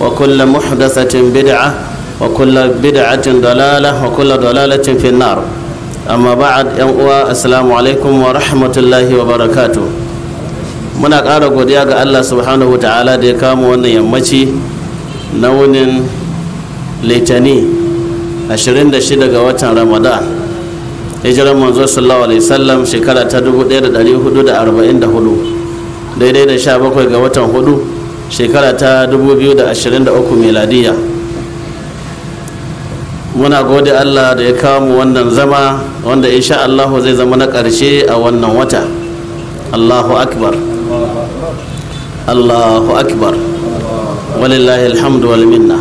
وكل محدثة بدعة وكل بدعة ضلالة وكل ضلالة في النار أما بعد السلام عليكم ورحمة الله وبركاته muna ƙara godiya ga Allah subhanahu wa ta'ala da ya kama wannan yammaci na wunin litani 26 ga watan ramadan hijiran manzo sallallahu alaihi wasallam shekara ta 1444 daidai da 17 ga watan hudu shekara ta 2023 meladiya muna gode allah da ya kawo mu wannan zama wanda insha allahu zai zama na ƙarshe a wannan wata allahu akbar allahu akbar walillahi alhamdu wal minna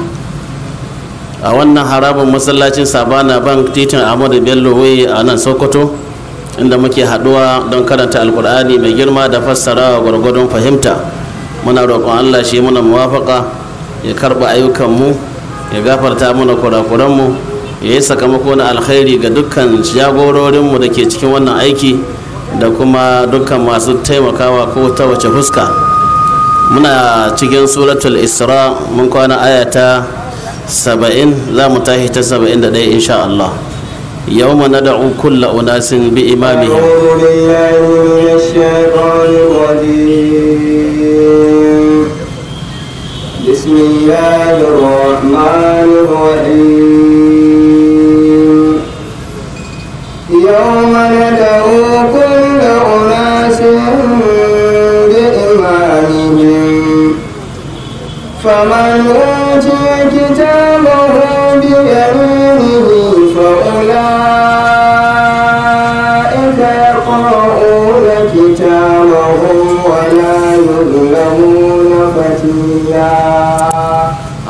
a wannan harabin masallacin sabana bank titin ahmadu bello wai a nan sokoto inda muke haduwa don karanta alkur'ani mai girma da fassara gwargwadon fahimta muna roƙon Allah shi muna muwafaƙa ya karɓa ayyukanmu ya gafarta mana kurakuranmu ya yi sakamako na alkhairi ga dukkan jagororinmu da ke cikin wannan aiki da kuma dukkan masu taimakawa ko ta wace fuska muna cikin suratul isra mun kwana aya ta saba'in za mu tashi ta saba'in da ɗaya insha Allah يوم ندعو كل أناس بإمامهم أعوذ بالله من الشيطان الرجيم بسم الله الرحمن الرحيم يوم ندعو كل أناس بإمامهم فمن أوتي كتابه بيمينه فأولئك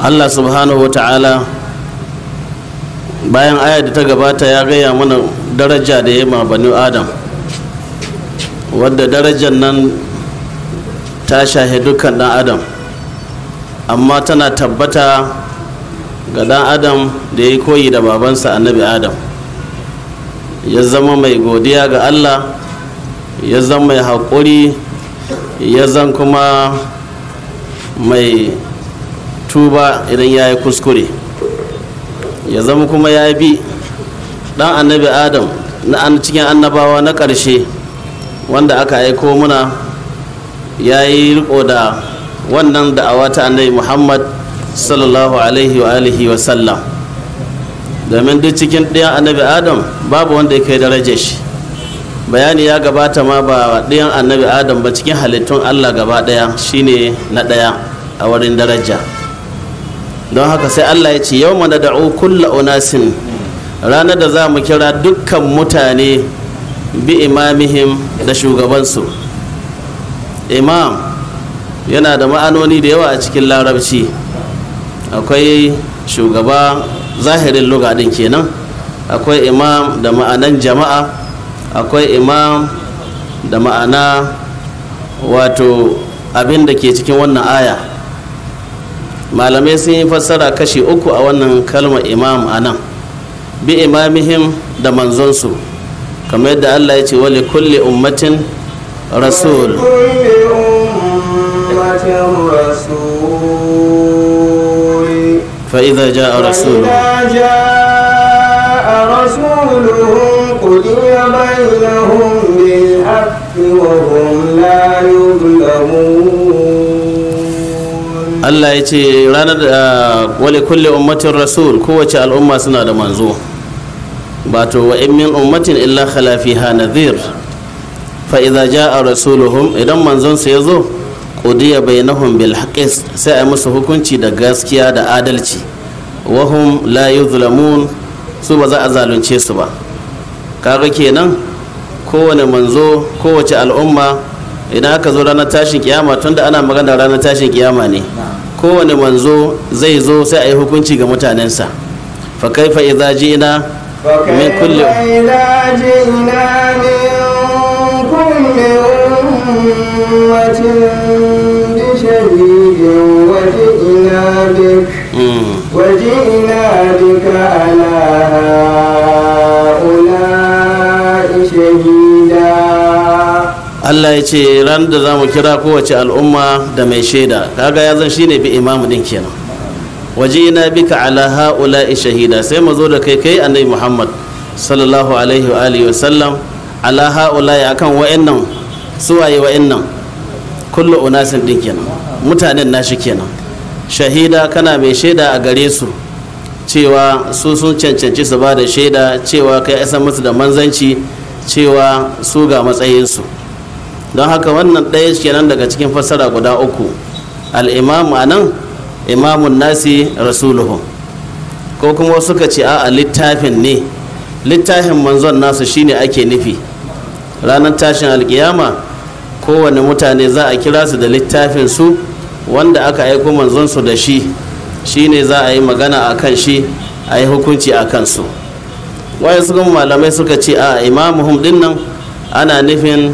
allah subhanahu wa ta'ala bayan aya da ta gabata ya gaya mana daraja da ya ma banu adam wadda darajar nan ta shahe dukkan dan adam amma tana tabbata ga dan adam da ya koyi da babansa annabi adam ya zama mai godiya ga allah ya zama mai haƙuri ya zan kuma mai tuba idan ya yi kuskure ya zama kuma ya bi dan annabi adam na cikin annabawa na ƙarshe wanda aka aiko muna ya yi riko da wannan da'awa ta annabi muhammad sallallahu alaihi wa alihi wa sallam domin duk cikin ɗayan annabi adam babu wanda ya kai daraja shi bayani ya gabata ma ba ɗayan annabi adam ba cikin halittun allah gaba ɗaya shine na ɗaya a wurin daraja don haka sai Allah ya ce yau mana da'u kulla unasin ranar da za mu kira dukkan mutane bi imamihim da shugabansu imam yana da ma'anoni da yawa a cikin larabci akwai shugaba zahirin lugadin kenan akwai imam da ma'anan jama'a akwai imam da ma'ana wato abin da ke cikin wannan aya malamai sun yi fassara kashi uku a wannan kalmar imam a nan bi imamihim da manzonsu kamar yadda allah ya ce wali ummatin rasul فإذا جاء رسوله قضي بينهم بالحق وهم لا يظلمون Allah ya ce ranar da ah, wale kulle ummatin rasul kowace al'umma suna da manzo ba to wa in min ummatin illa khalafi ha nadhir fa idza jaa rasuluhum idan manzon su yazo qudiya bainahum bil haqqis sai a musu hukunci da gaskiya da adalci wa hum la yuzlamun su ba za a zalunce su ba kaga kenan kowane manzo kowace al'umma idan aka zo ranar tashin kiyama tunda ana magana ranar tashin kiyama ne kowane manzo zai zo sai a yi hukunci ga mutanensa fa kaifa idza ji'na min kulli وجئنا Allah ya ce ran da za mu kira kowace al'umma da mai shaida kaga ya zan shine bi imamu din kenan waje na bika ala haula shahida sai mu zo da kai kai annabi Muhammad sallallahu alaihi wa alihi wasallam ala haula ya kan wa'annan suwaye wa'annan kullu unasin din kenan mutanen nashi kenan shahida kana mai shaida a gare su cewa su sun cancanci su ba da shaida cewa kai isa musu da manzanci cewa su ga matsayinsu don haka wannan ɗaya nan daga cikin fassara guda uku al'imamu a nan imamun nasi rasuluhu ko kuma suka ce a littafin ne littafin manzon nasu shine ake nufi ranar tashin alkiyama kowane mutane za a kira su da littafin su wanda aka aiko manzon su da shi shine za a yi magana a kan shi a yi hukunci a kansu wayan su malamai suka ce a imamuhum dinnan ana nufin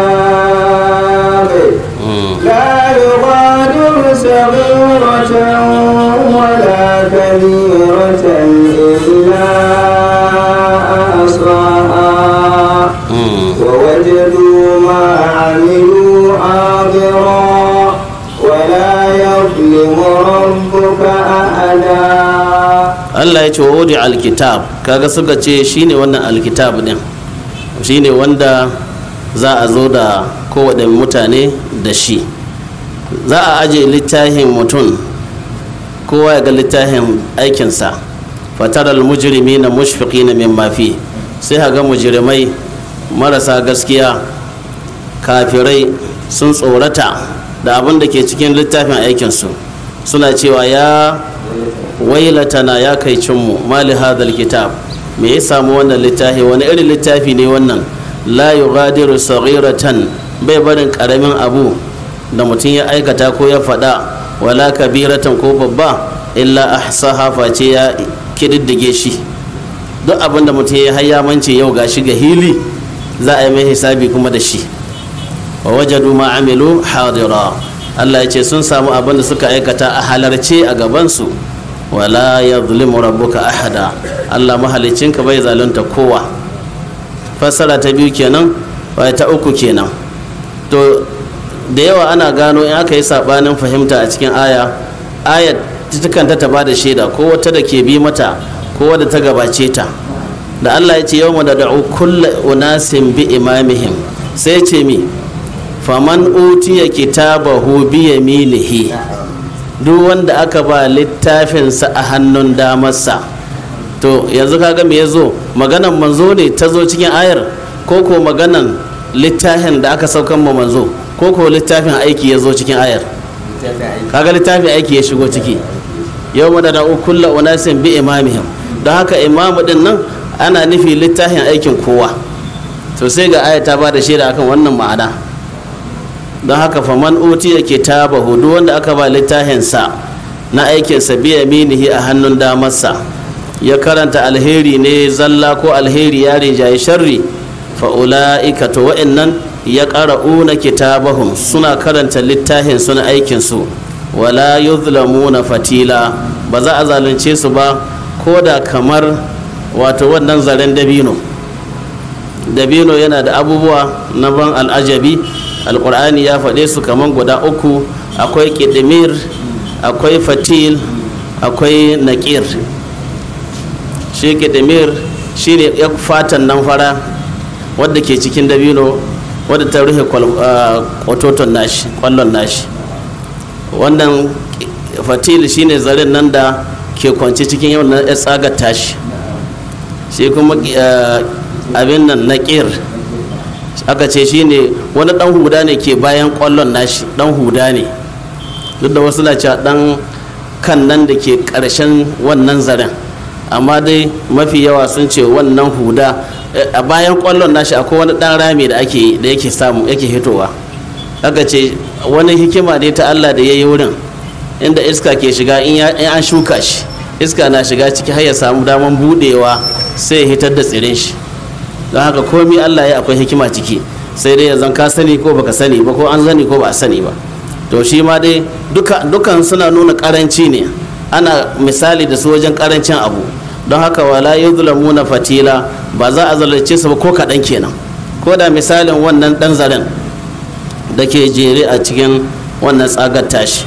ولا كبيرة إلا أحصاها ووجدوا ما عملوا حاضرا ولا يظلم ربك أحدا Allah ya ce wa wadi alkitab kaga suka ce shine wannan alkitab din shine wanda za a zo da kowaɗanne mutane da shi za a aje littafin mutum kowa ya ga littafin aikinsa fataral mujirimi na mushfiki na mimafi sai haga mujirimai marasa gaskiya kafirai sun tsorata da abin da ke cikin littafin aikinsu suna cewa ya wailatana ya kai cinmu mali hadal kitab me ya samu wannan littafi wani irin littafi ne wannan la yughadiru saghiratan bai barin karamin abu da mutum ya aikata ko ya faɗa wala kabiratan ko babba illa ahsaha face ya kididdige shi duk abin da mutum ya mance yau ga shi ga hili za a yi mai hisabi kuma da shi wa wajadu ma amilu hadira Allah ya ce sun samu abin da suka aikata a halarce a gabansu wala ya zulimu rabbuka ahada Allah mahalicinka bai zalunta kowa fassara ta biyu kenan bai ta uku kenan to da yawa ana gano in aka yi sabanin fahimta a cikin aya ayat tukanta ta bada shaida ko wata da ke bi mata ko wadda ta gabace ta da Allah ya ce yau mu da da'u kulla unasin bi imamihim sai ce mi faman utiya kitabahu bi yaminihi duk wanda aka ba littafinsa a hannun damarsa to yanzu kaga me yazo maganan manzo ne ta zo cikin ayar ko ko maganan littafin da aka saukan ma manzo ko ko littafin aiki ya zo cikin ayar kaga littafin aiki ya shigo ciki yau mu da da'u kulla unasin bi imamihim don haka imamu din nan ana nufi littafin aikin kowa to sai ga ayar ta bada shaida akan wannan ma'ana don haka faman ta taba duk wanda aka ba littafin sa na sa biya minihi a hannun damarsa ya karanta alheri ne zalla ko alheri ya rinjaye sharri ula'ika to wa'annan ya una kitabahum suna karanta littafin suna aikinsu wala na fatila ba za a zalunce su ba ko da kamar wato wannan zaren dabino dabino yana da abubuwa na ban al'ajabi alƙur'ani ya faɗe su kamar guda uku akwai ƙidimir akwai fatil akwai naƙir shi ƙidimir shi ne fatan nan fara wadda ke cikin dabino wadda ta rufe kwatoton ah, nashi kwallon nashi wannan fatil shine zarin nan da ke kwance cikin yau na ya tsagar tashi shi kuma ah, abin nan na kir aka ce shine wani dan huda ne ke bayan kwallon nashi dan huda ne duk da wasu na cewa kan nan da ke karshen wannan zaren amma dai mafi yawa sun ce wannan huda Eh, a bayan kwallon nashi akwai wani dan rami da ake da yake samu yake hitowa aka ce wani hikima ne ta Allah da yayi wurin inda iska ke shiga in an shuka shi iska na shiga ciki har ya samu daman budewa sai ya hitar da tsirin shi don haka komi Allah ya akwai hikima ciki sai dai yanzu ka sani ko baka sani ba ko an sani ko ba a sani ba to shi ma dai dukan suna nuna karanci ne ana misali da su wajen karancin abu don haka wala Muna fatila ba za a zalunce su ba ko kaɗan kenan ko da misalin wannan ɗan zaren da ke jere a cikin wannan tsagar tashi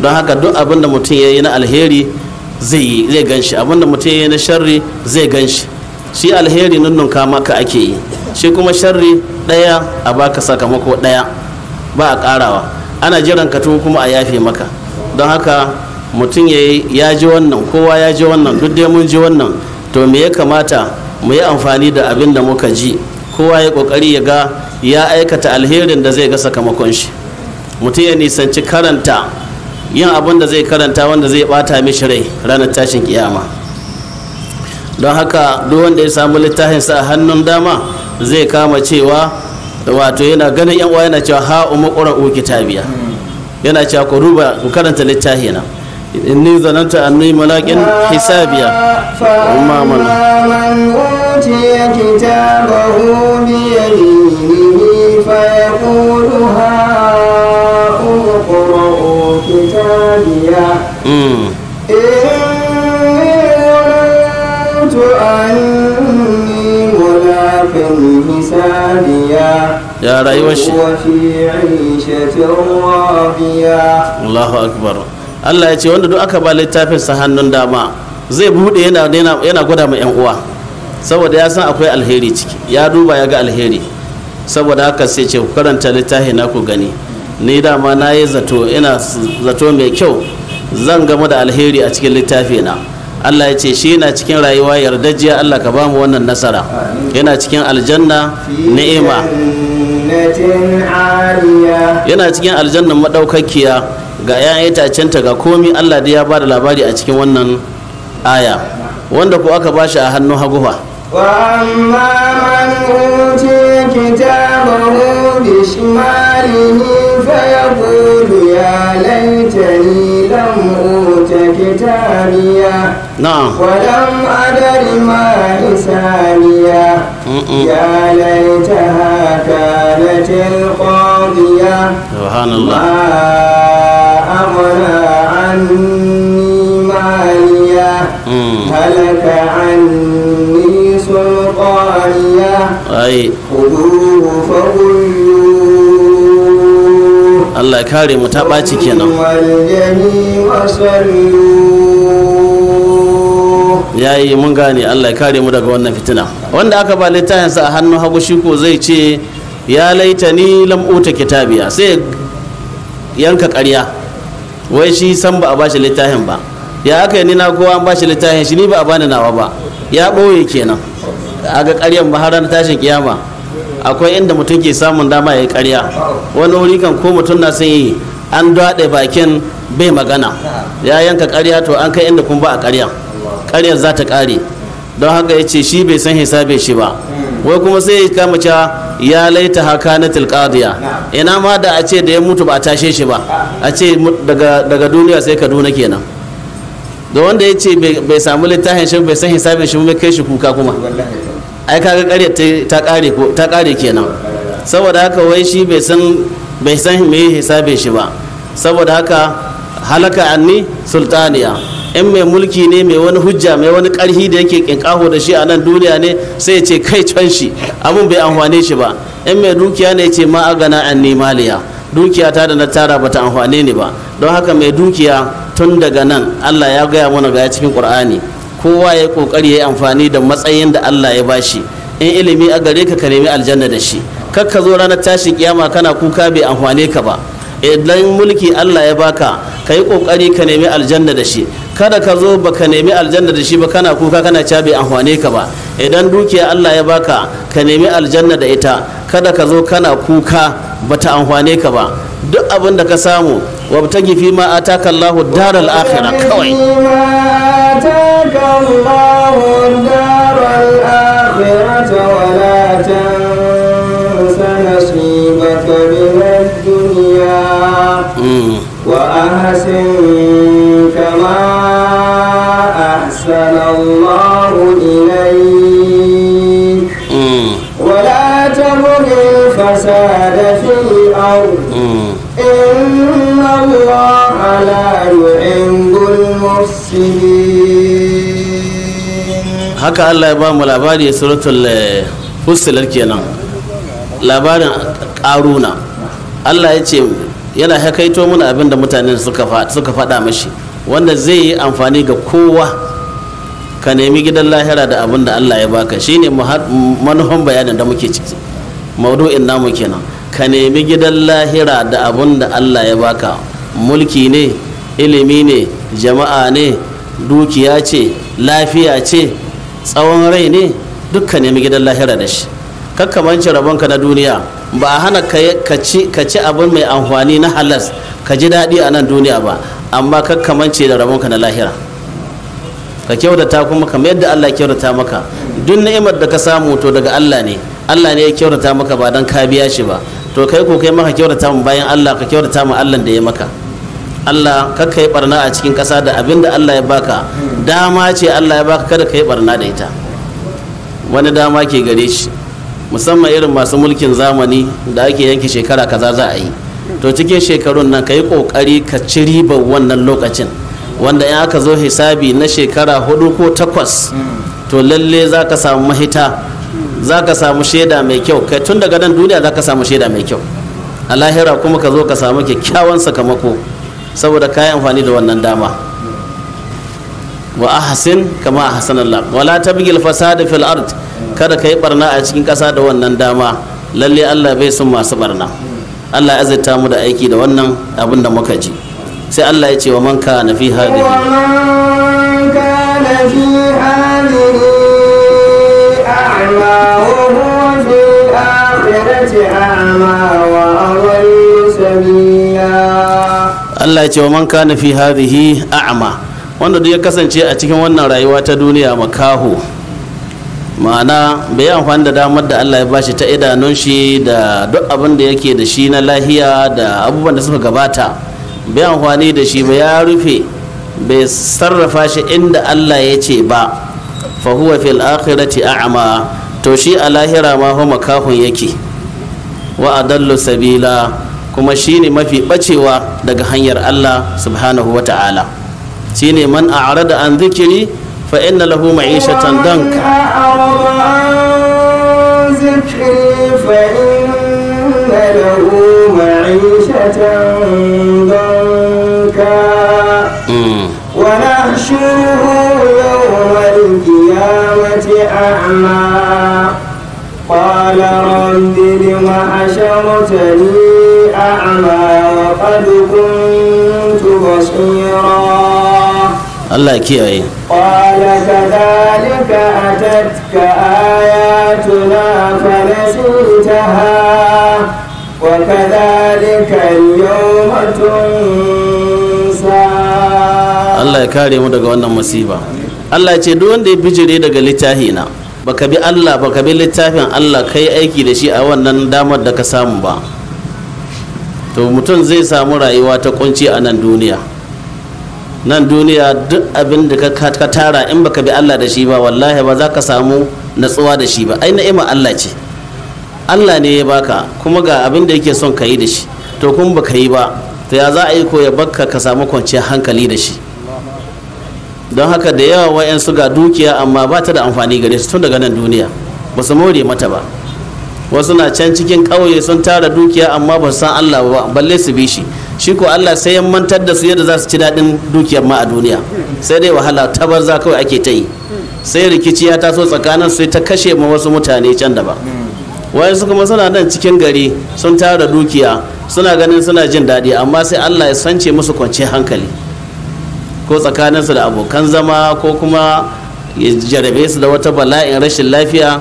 don haka duk abin da mutum ya yi na alheri zai gan shi abin da mutum ya yi na sharri zai gan shi shi alheri ka maka ake yi shi kuma sharri ɗaya a baka sakamako ɗaya ba a ƙarawa ana jiran ka kuma a yafe maka don haka mutum ya ji wannan kowa ya ji wannan duk dai mun ji wannan to me ya kamata mu yi amfani da abin da muka ji kowa ya kokari ya ga ya aikata alherin da zai ga sakamakon shi mutum ya nisanci karanta yin abin da zai karanta wanda zai bata mishi rai ranar tashin kiyama don haka duk wanda ya samu littafin sa a hannun dama zai kama cewa wato yana ganin yan uwa yana cewa ha umu qura'u kitabiya yana cewa ku ruba ku karanta littafi na. إني ظننت أني ملاك حسابيا وما من أوتي كتابه بيمينه فيقول هاؤم اقرءوا كتابيا إني ظننت أني ملاك حسابيا يا رأي وشي وفي عيشة راضية الله أكبر Allah ya ce wanda duk aka ba littafin sa hannun dama zai bude yana yana gwada ma yan uwa saboda ya san akwai alheri ciki ya duba ya ga alheri saboda haka sai ce ku karanta littafi na ku gani ni dama na yi zato ina zato mai kyau zan gama da alheri a cikin littafi na Allah ya ce shi yana cikin rayuwa yardajiya Allah ka ba mu wannan nasara yana cikin aljanna ni'ima yana cikin aljannan madaukakiya Yana itacen ta ga komi Allah da ya ba da labari a cikin wannan aya, wanda ko aka ba shi a hannu haguha. Amma man goce ki ta ma, mu bishimadi ni fya kudu, yalaita ni lambu teki ta biya, kudan ma dari ma isa biya, yalaita hakalatin أغنى عني مالية هلك عني سلطانية أي خذوه فغلوه الله كاري متابعتي كنا ya yi mun gane allah kare mu daga wannan fitina wanda aka ba littafinsa a hannun hagu shi ko zai ce ya laita ni lam uta kitabiya sai yanka ƙarya wai shi san ba a ba shi littafin ba ya aka ni na kowa an ba shi littafin shi ni ba a bani nawa ba ya ɓoye kenan a ga ƙaryan maharar tashin kiyama akwai inda mutum ke samun dama ya yi ƙarya wani wuri kan ko mutum na sai yi an daɗe bakin bai magana ya yanka ƙarya to an kai inda kun ba a ƙarya ƙaryar za ta ƙare don haka ya ce shi bai san hisabe shi ba wai kuma sai ya kama ya laita haka na tilkadiya ina ma da a ce da ya mutu ba a tashe shi ba a ce daga duniya sai kaduna kenan da wanda ya ce bai samu littafin shi bai san hisabin shi mai kai shi kuka kuma ai kaga ƙarya ta ƙare kenan saboda haka wai shi bai san bai san me hisabin shi ba saboda haka halaka anni sultaniya in mai mulki ne mai wani hujja mai wani karhi da yake kinkaho da shi a nan duniya ne sai ya ce kai can shi abun bai amfane shi ba in mai dukiya ne ya ce ma agana an maliya dukiya ta da na tara ba ta amfane ne ba don haka mai dukiya tun daga nan Allah ya gaya mana ga cikin Qur'ani kowa ya kokari ya amfani da matsayin da Allah ya bashi in ilimi a gare ka ka nemi aljanna da shi kar ka zo ranar tashin kiyama kana kuka bai amfane ka ba idan mulki Allah ya baka ka yi kokari ka nemi aljanna da shi kada ka zo baka nemi aljanna da shi ba kana kuka kana bai amfane ka ba idan dukiya Allah ya baka ka nemi aljanna da ita kada ka zo kana kuka bata amfane ka ba duk abin da ka samu wabtagi fi ma ataka Allah daral akhirah kawai وأحسن mm. mm. haka allah ya ba mu labari suratul eh, fusilar kenan labarin karuna allah ya ce yana hakaito mana abinda mutanen suka faɗa mashi wanda zai yi amfani ga kowa ka nemi gidan lahira da abin allah ya baka shine manuhan bayanin da muke ciki maudu'in namu kenan ka nemi gidan lahira da abin da allah ya baka mulki ne ilimi ne jama'a ne dukiya ce lafiya ce tsawon rai ne dukkan nemi gidan lahira da shi kakkamancin rabonka na duniya ba a hana ka ci abin mai amfani na halas ka ji daɗi a nan duniya ba amma kakkamanci da rabonka na lahira ka kyautata kuma kamar yadda Allah kyautata maka duk ni'imar da ka samu to daga Allah ne Allah ne ya kyautata maka ba dan ka biya shi ba to kai ko kai maka kyautata mu bayan Allah ka kyautata mu Allah da ya maka Allah kakka yi barna a cikin ƙasa da abin da Allah ya baka dama ce Allah ya baka kada ka barna da ita wani dama ke gare shi musamman irin masu mulkin zamani da ake yanke shekara kaza za a yi to cikin shekarun nan ka yi kokari ka ci ribar wannan lokacin wanda in aka zo hisabi na shekara hudu ko takwas to lalle za ka samu mahita za ka samu shaida mai kyau kai tun daga nan duniya za ka samu shaida mai kyau a lahira kuma ka zo ka samu kyakkyawan sakamako saboda ka yi amfani da wannan dama wa ahsin kama ahsanallah wala tabghil fasada fil ard kada kai barna a cikin kasa da wannan dama lalle Allah bai son masu barna Allah ya azurta mu da aiki da wannan abin da muka ji sai Allah ya ce wa man kana fi hadhihi wa man kana fi hadhihi a'ma wa huwa fi akhirati a'ma wa adallu sabila Allah ya ce wa man kana fi hadhihi a'ma wanda duk ya kasance a cikin wannan rayuwa ta duniya makaho ma'ana bai amfani da damar da allah ya bashi ta idanun shi da duk abin da yake da shi na lahiya da abubuwan da suka gabata bai amfani da shi ba ya rufe bai sarrafa shi inda allah ya ce ba fa huwa fil akhirati a'ma to shi a lahira ma hu makahun yake wa adallu sabila kuma shine mafi bacewa daga hanyar allah subhanahu wa ta'ala shine man a'rada an dhikri fa inna lahu ma'ishatan danka يوم القيامة أعمى قال رب لم حشرتني أعمى وقد كنت بصيرا Allah ya kiyaye Allah ya kare mu daga wannan musiba Allah ce duk wanda ya bijire daga littafina baka bi Allah baka bi littafin Allah kai aiki da shi a wannan damar da ka samu ba to mutum zai samu rayuwa ta kunci a nan duniya nan duniya duk abin da ka tara in baka bi Allah da shi ba wallahi ba za ka samu natsuwa da shi ba ai na'ima Allah ce Allah ne ya baka kuma ga abin da yake son ka yi da shi to kuma baka yi ba to ya za a yi ko ya baka ka samu kwanciyar hankali da shi don haka da yawa wayan su ga dukiya amma ba ta da amfani gare su tun daga nan duniya ba su more mata ba wasu na can cikin ƙauye sun tara dukiya amma ba su san Allah ba balle su bi shi shi ko Allah sai ya mantar da su yadda za su ci daɗin dukiyar ma a duniya sai dai wahala ta barza kawai ake ta yi sai rikici ya taso tsakanin sai ta kashe ma wasu mutane can da ba su kuma suna nan cikin gari sun tara dukiya suna ganin suna jin daɗi amma sai Allah ya sance musu kwance hankali ko tsakanin su da abokan zama ko kuma ya jarabe su da wata bala'in rashin lafiya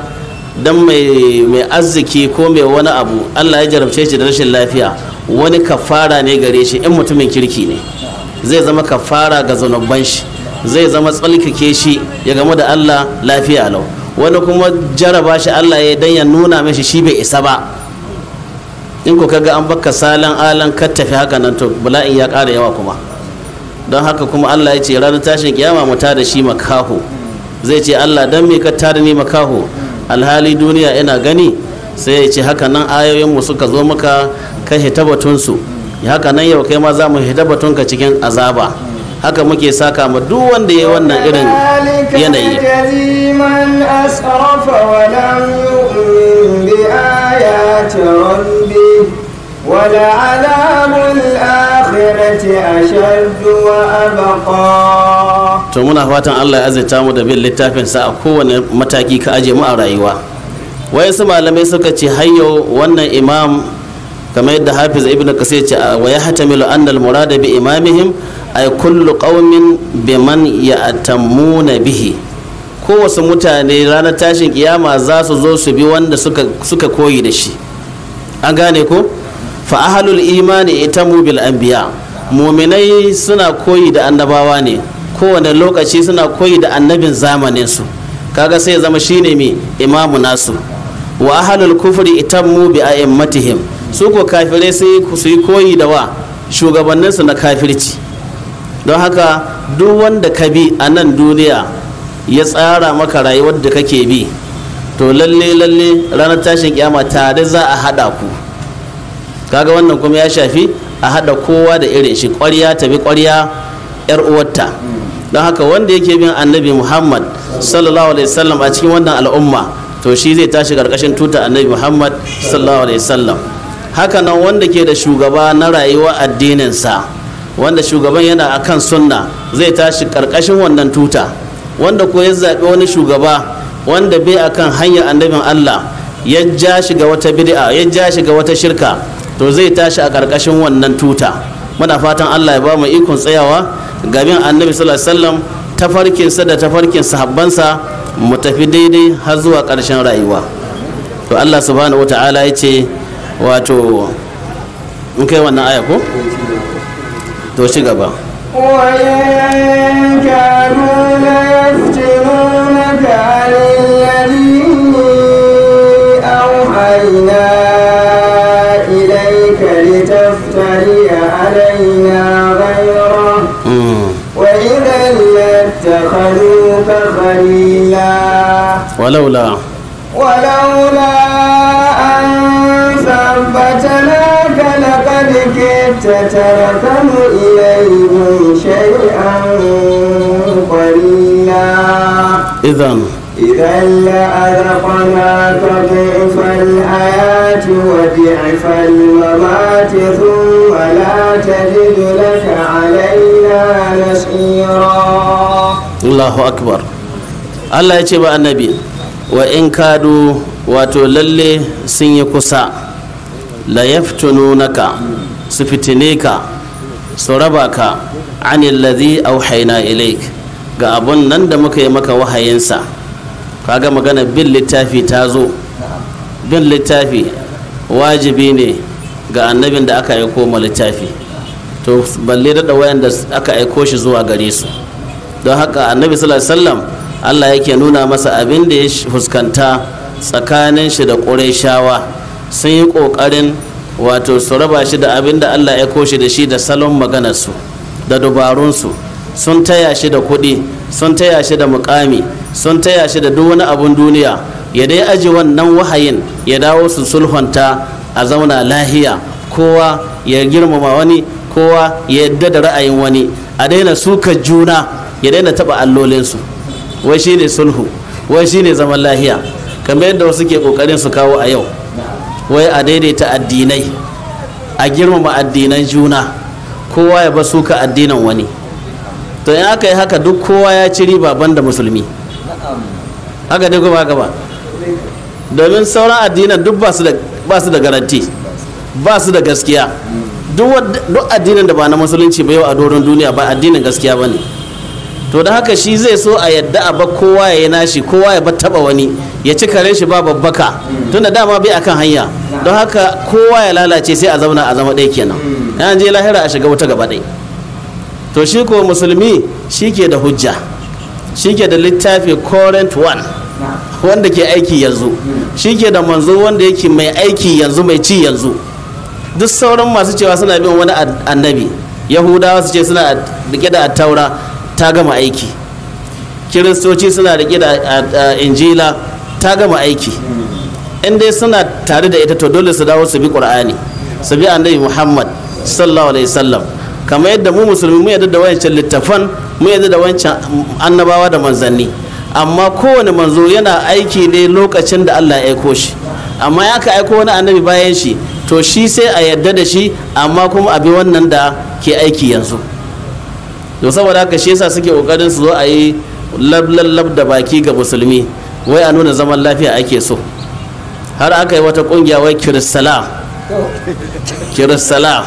don mai arziki ko mai wani abu Allah ya jarabce shi da rashin lafiya wani kafara ne gare shi in mutumin kirki ne zai zama kafara ga zanubban shi zai zama tsalkake shi ya gamu da Allah lafiya lau wani kuma jaraba shi Allah ya dan ya nuna mishi shi bai isa ba in ku kaga an baka salan alan ka tafi haka nan to bala'in ya ƙara yawa kuma don haka kuma Allah ya ce ranar tashin kiyama mu da shi makaho zai ce Allah dan me ka tada ni makaho alhali duniya ina gani sai ya ce haka nan ayoyin mu suka zo maka ka shi batunsu haka nan yau kai ma za mu shi batunka cikin azaba haka muke saka ma duk wanda ya wannan irin yanayi to muna fatan Allah ya azurta mu da bin littafin sa a kowane mataki ka aje mu a rayuwa wayansu malamai suka ce hayo wannan imam kamar yadda hafiz ibn kasir ce waya hata milo annal murada bi imamihim ay kullu qaumin biman ya'tamuna bihi kowace mutane ranar tashin kiyama za su zo su bi wanda suka, suka koyi da shi an gane ko fa ahlul imani itamu bil anbiya muminai suna koyi da annabawa ne kowane lokaci suna koyi da annabin zamanin su kaga sai zama shine mi imamu nasu wa ahlul kufri itamu bi a'immatihim su ko kafirai sai su yi koyi da wa shugabanninsu na kafirci don haka duk wanda ka bi a nan duniya ya tsara maka rayuwar da kake bi to lalle lalle ranar tashin kiyama tare za a hada ku kaga wannan kuma ya shafi a hada kowa da irin shi kwarya ta bi kwarya yar uwarta don haka wanda yake bin annabi muhammad sallallahu alaihi wasallam a cikin wannan al'umma to shi zai tashi karkashin tuta annabi muhammad sallallahu alaihi wasallam hakanan wanda ke da shugaba na rayuwa addininsa wanda shugaban yana a kan sunna zai tashi karkashin wannan tuta wanda ko ya zaɓi wani shugaba wanda bai akan hanyar annabin Allah ya ja shi ga wata bid'a ya ja shi ga wata shirka to zai tashi a karkashin wannan tuta muna fatan Allah ya ba mu ikon tsayawa ga bin annabi sallallahu alaihi wasallam tafarkinsa da tafarkin sahabbansa mu tafi daidai har zuwa ƙarshen rayuwa to Allah subhanahu wataala ya ce wato in kai wannan aya ko to ci gaba وإن كانوا عن الذي أوحينا إليك لتفتري علينا غيره وإذا خليلا ولولا ولولا أن فثبتناك لقد كدت تركن إليهم شيئا قليلا إذا إذا لأذقناك ضعف الحياة وضعف الممات ثم لا تجد لك علينا نصيرا الله أكبر Allah ya ce ba annabi wa in kadu wato lalle sun yi kusa la yaftununaka su fitine ka su raba ka anil ladhi auhayna ilai ga abun nan da muka yi maka wahayinsa kaga magana bin littafi ta zo bin littafi wajibi ne ga annabin da aka aiko ma littafi to balle da wayan da aka aiko shi zuwa gare su don haka annabi sallallahu alaihi wasallam Allah yake nuna masa abin da ya fuskanta tsakanin shi da ƙurai shawa sun yi ƙoƙarin wato su raba shi da abin da allah ya koshi da shi da salon maganarsu da dubarunsu sun taya shi da kuɗi sun taya shi da mukami sun taya shi da duk wani abun duniya ya dai aji wannan wahayin ya dawo su sulhunta a zauna lahiya kowa ya girmama wani kowa ya yadda da ra'ayin wani a daina suka juna ya daina taɓa allolinsu wai shine sulhu wai shine zaman lahiya kamar yadda wasu ke ƙoƙarin su kawo a yau wai a daidaita addinai a girmama addinan juna kowa ya ba suka addinan wani to in aka yi haka duk kowa ya ci riba banda musulmi haka ne kuma gaba domin sauran addinan duk ba su da garanti ba su da gaskiya duk addinan da ba na musulunci ba yau a doron duniya ba addinin gaskiya ba ne to da haka shi zai so a yadda a bar kowa ya yi nashi kowa ya bar taba wani ya ci karen shi ba babbaka tun da dama bai akan hanya don haka kowa ya lalace sai a zauna a zama ɗaya kenan yan je lahira a shiga wuta gaba ɗaya to shi ko musulmi shi ke da hujja shi ke da littafi current one wanda ke aiki yanzu shi ke da manzo wanda yake mai aiki yanzu mai ci yanzu duk sauran masu cewa suna bin wani annabi yahudawa su ce suna rike da attaura ta gama aiki kiristoci suna rike da injila ta gama aiki in dai suna tare da ita to dole su dawo su bi qur'ani su bi annabi muhammad sallallahu alaihi wasallam kamar yadda mu musulmi mu yadda da wancan littafan mu yadda da wancan annabawa da manzanni amma kowane manzo yana aiki ne lokacin da Allah ya aiko shi amma ya ka aiko wani annabi bayan shi to shi sai a yadda da shi amma kuma a bi wannan da ke aiki yanzu to saboda haka shi yasa suke kokarin su zo a yi lablab da baki ga musulmi wai a nuna zaman lafiya ake so har aka yi wata kungiya wai kiristala kiristala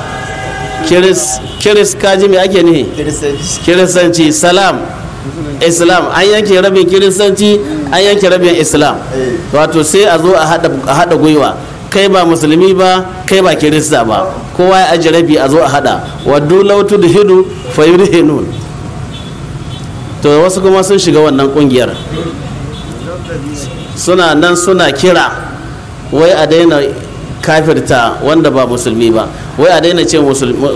kiris kaji me ake ne Kirisanci salam islam an yanke rabin kirisanci, an yanke rabin islam eh. wato sai a zo a haɗa gwiwa kai ba musulmi ba kai ba kirista ba kowa ya aji rabi a zo a hada waddu lautu da hidu fayuri to wasu kuma sun shiga wannan kungiyar suna nan suna kira wai a daina kafirta wanda ba musulmi ba wai a daina ce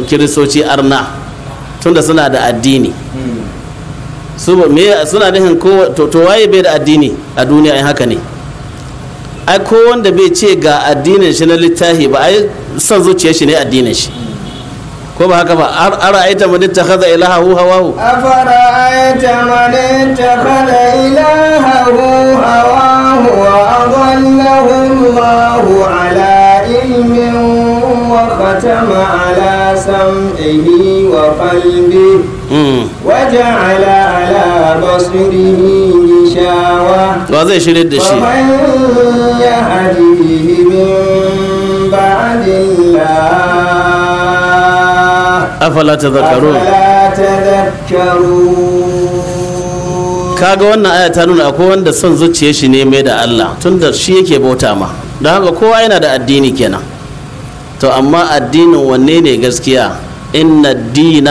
kiristoci arna tunda suna da addini suna nihin to waye bai da addini a duniya in haka ne ai ko wanda bai ce ga addinin shi na littafi ba ai son zuciya shi ne addinin shi ko ba haka ba ara aita man ittakhadha ilahahu hawahu afara aita man ittakhadha ilahahu hawahu wa adallahu Allah ala ilmin wa khatama ala sam'ihi wa qalbi hmm. wa ja'ala ala basirihi wa zai shirya da shi afala ta zakaru kaga wannan aya ta nuna akwai wanda son zuciya shi ne mai da Allah tun da shi yake bauta ma don haka kowa yana da addini kenan to amma addinin wanne ne gaskiya إن الدين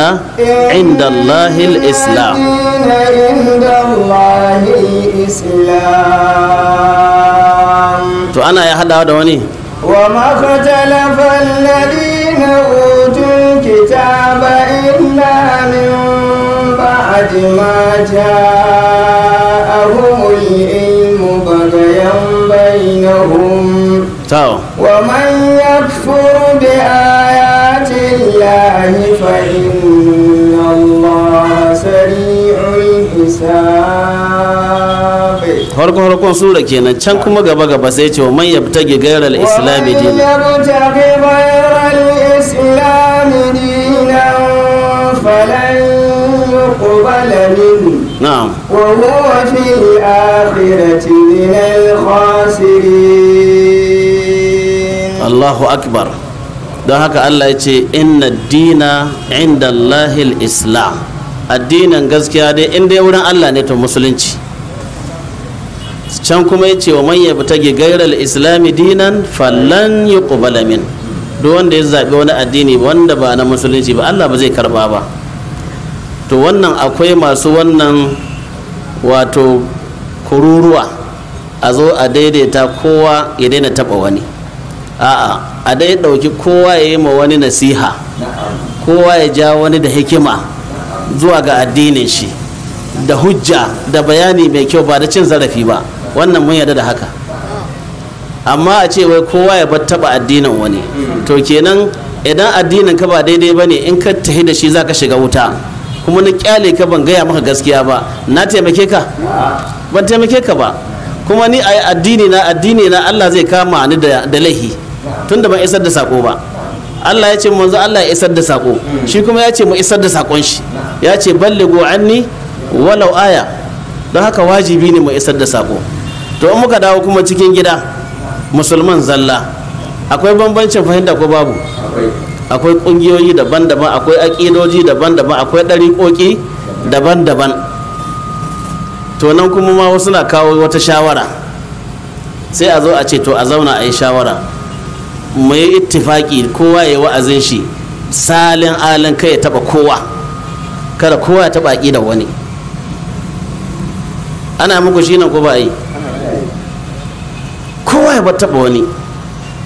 عند الله الإسلام عند الله الإسلام تو أنا يا حدا ودوني وما اختلف الذين أوتوا الكتاب إلا من بعد ما جاءهم العلم بغيا بينهم ومن يكفر بآيات الله فإن الله سريع الحساب farkon farkon sura kenan can kuma gaba gaba sai ce man yabtagi gairar al-islam din yabtagi gairar al-islam dinan falan yuqbala minhu na'am wa huwa fi al-akhirati min al-khasirin Allahu akbar don haka allah ya ce inna dina inda lahil islam addinin gaskiya dai inda ya wurin allah ne to musulunci can kuma ya ce wa manya ta gairar islami dinan fallan yi min duk wanda ya zaɓi wani addini wanda ba na musulunci ba allah ba zai karba ba to wannan akwai masu wannan wato kururuwa a zo a daidaita kowa ya daina taɓa wani a'a a dai ɗauki kowa ya yi ma wani nasiha kowa ya ja wani da hikima zuwa ga addinin shi da hujja da bayani mai kyau ba da cin zarafi ba wannan mun yarda da haka amma a ce wai kowa ya bar taba addinin wani to kenan idan addinin ka ba daidai ba ne in ka tahi da shi za ka shiga wuta kuma na kyale ka ban gaya maka gaskiya ba na taimake ka ban taimake ka ba kuma ni a addini na addini na allah zai kama ni da laihi tunda ban isar da sako ba Allah ya ce manzo Allah ya isar da sako shi kuma ya ce mu isar da sakon shi ya ce balligo anni walau aya don haka wajibi ne mu isar da sako to in muka dawo kuma cikin gida musulman zalla akwai bambancin fahimta ko babu akwai kungiyoyi daban-daban akwai aƙidoji daban-daban akwai ɗariƙoƙi daban-daban to nan kuma ma wasu na kawo wata shawara sai a zo a ce to a zauna a yi shawara mu yi ittifaki kowa ya wa'azin shi salin alin kai ya taba kowa kada kowa ya taba da wani ana muku shi nan ko ba yi kowa ya taba wani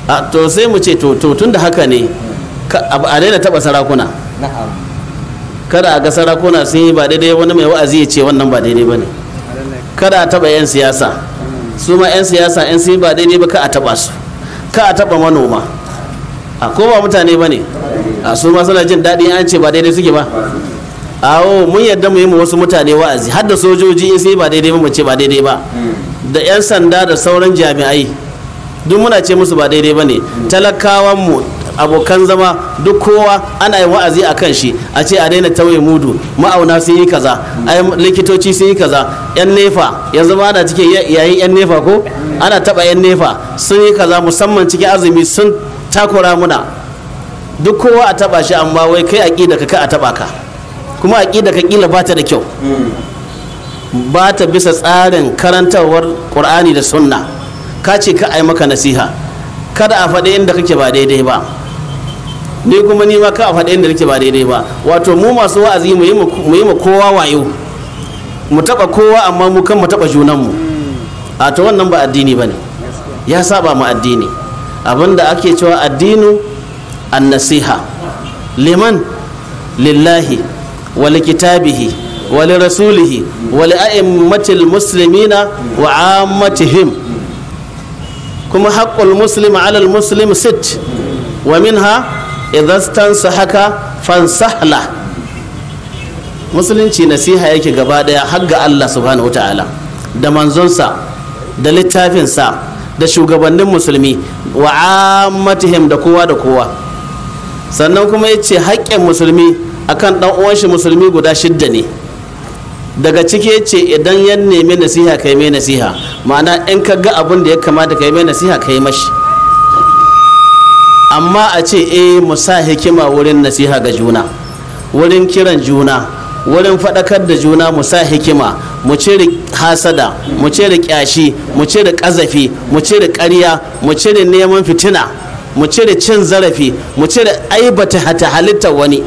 a to sai mu ce to tun da haka ne a daina taba sarakuna kada a ga sarakuna sun yi ba daidai wani mai wa'azi ya ce wannan ba daidai ba ne kada a taba 'yan siyasa su ma 'yan siyasa 'yan sun yi ba daidai ba ka a taba su ka a taɓa manoma a ko ba mutane ba ne a su ma suna jin daɗi an ce ba daidai suke ba awo mun yadda mu yi wasu mutane wa'azi har da sojoji in sai ba daidai ba mu ce ba daidai ba da 'yan sanda da sauran jami'ai duk muna ce musu ba daidai ba ne talakawan mu abokan zama duk kowa ana yin wa'azi a kan shi a ce a daina tauye mudu ma'auna sun yi kaza ai likitoci sun yi kaza yan nefa ya zama ana cike yayin yan nefa ko ana taba yan nefa sun yi kaza musamman cikin azumi sun takura muna duk kowa a taba shi amma wai kai aqida ka ka a taba ka kuma aqida ka kila bata da kyau ba ta bisa tsarin karantarwar qur'ani da sunna ka ce ka ai maka nasiha kada a faɗi inda kake ba daidai ba ni kuma ni ma ka a faɗi inda nake ba daidai ba wato mu masu wa'azi mu yi ma kowa wayo mu taɓa kowa amma mu kan mu taɓa junanmu a ta wannan ba addini ba ne ya saba mu addini abinda ake cewa addinu an nasiha liman lillahi wa likitabihi wa rasulihi wa a'immatil muslimina wa ammatihim kuma haqqul muslim alal muslim sit wa minha idan su haka sahla, musulunci nasiha yake gaba daya har ga Allah subhanahu ta'ala da manzonsa da littafinsa da shugabannin musulmi wa ammatihim da kowa da kowa sannan kuma yace haƙƙin musulmi akan dan uwan shi musulmi guda shidda ne daga ciki ce idan ya nemi nasiha kai mai nasiha ma'ana in ka ga abin da ya kamata ka kai mai nasiha ka yi mashi amma a ce e mu sa hikima wurin nasiha ga juna wurin kiran juna wurin faɗakar da juna mu sa hikima mu cire hasada mu cire kyashi mu cire ƙazafi mu cire ƙarya mu cire neman fitina mu cire cin zarafi mu cire aibata hata halitta wani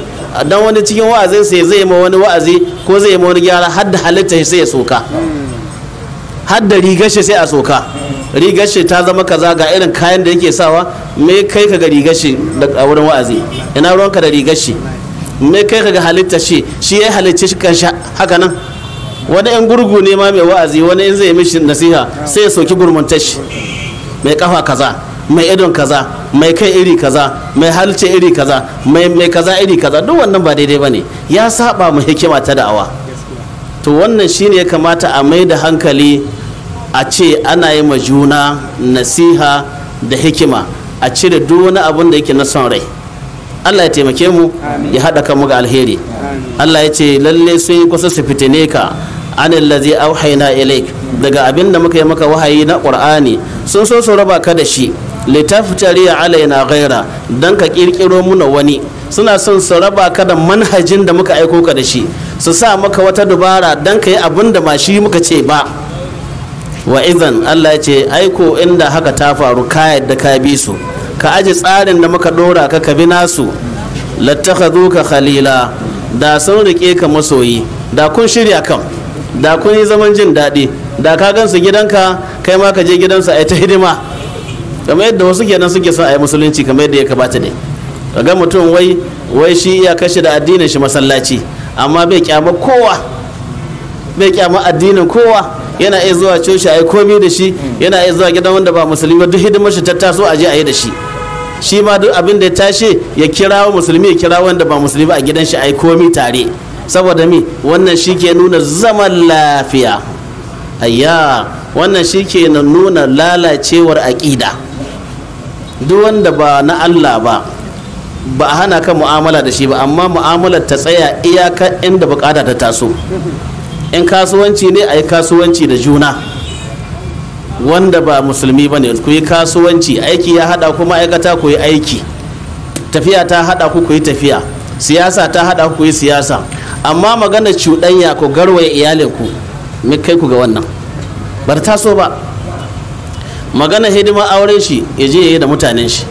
dan wani cikin wa'azin sai zai ma wani wa'azi ko zai ma wani gyara hadda halitta sai ya soka hadda rigar shi sai a soka rigar ta zama kaza ga irin kayan da yake sawa me kai ka ga rigar shi a wurin wa'azi ina ruwanka da rigar shi me kai ka ga halitta shi shi ya halicce shi kan haka nan wani yan gurgu ne ma mai wa'azi wani in zai mishi nasiha sai ya soki gurmantar shi mai kafa kaza mai idon kaza mai kai iri kaza mai halice iri kaza mai mai kaza iri kaza duk wannan ba daidai bane ya saba mu hikima ta da'awa to wannan shine ya kamata a mai da hankali a ce ana yi ma juna nasiha da hikima a cire duk wani abin da yake na son rai Allah ya taimake mu ya haɗa kanmu ga alheri Allah ya ce lalle sun yi kusa su fitine ka an allazi auhayna ilaik daga abin da muka yi maka wahayi na qur'ani sun so su raba ka da shi litaftari alaina ghaira dan ka kirkiro muna wani suna son su raba ka da manhajin da muka aiko ka da shi su sa maka wata dubara dan ka yi abin da ma shi muka ce ba wa izan Allah ce aiko inda haka ta faru ka yadda ka bi su ka aji tsarin da muka dora ka ka bi nasu lattaka ka khalila da sun rike ka masoyi da kun shirya kan da kun yi zaman jin daɗi da ka gansu gidanka kai ma ka je gidansu a ta hidima kamar yadda wasu kenan suke son a yi musulunci kamar yadda ya kamata ne ga mutum wai wai shi iya kashe da addinin shi masallaci amma bai kyama kowa bai kyama addinin kowa yana iya zuwa coci a yi komi da shi yana iya zuwa gidan wanda ba musulmi ba duk hidimar shi ta taso a je a yi da shi shi ma duk abin da ya tashi ya kira wa musulmi ya kira wanda ba musulmi ba a gidan shi a yi komi tare saboda mi wannan shi ke nuna zaman lafiya ayya wannan shi ke nuna lalacewar aƙida duk wanda ba na allah ba ba a hana kan mu'amala da shi ba amma mu'amalar ta tsaya iyaka inda bukata ta taso in kasuwanci ne a yi kasuwanci da juna wanda ba musulmi ba ne ku yi kasuwanci aiki ya hada ku ma'aikata ku yi aiki tafiya ta hada ku ku yi tafiya siyasa ta hada ku yi siyasa amma magana cuɗanya ku garwaye iyalinku mai kai ku ga wannan bar taso ba magana hidima auren shi ya je da mutanen shi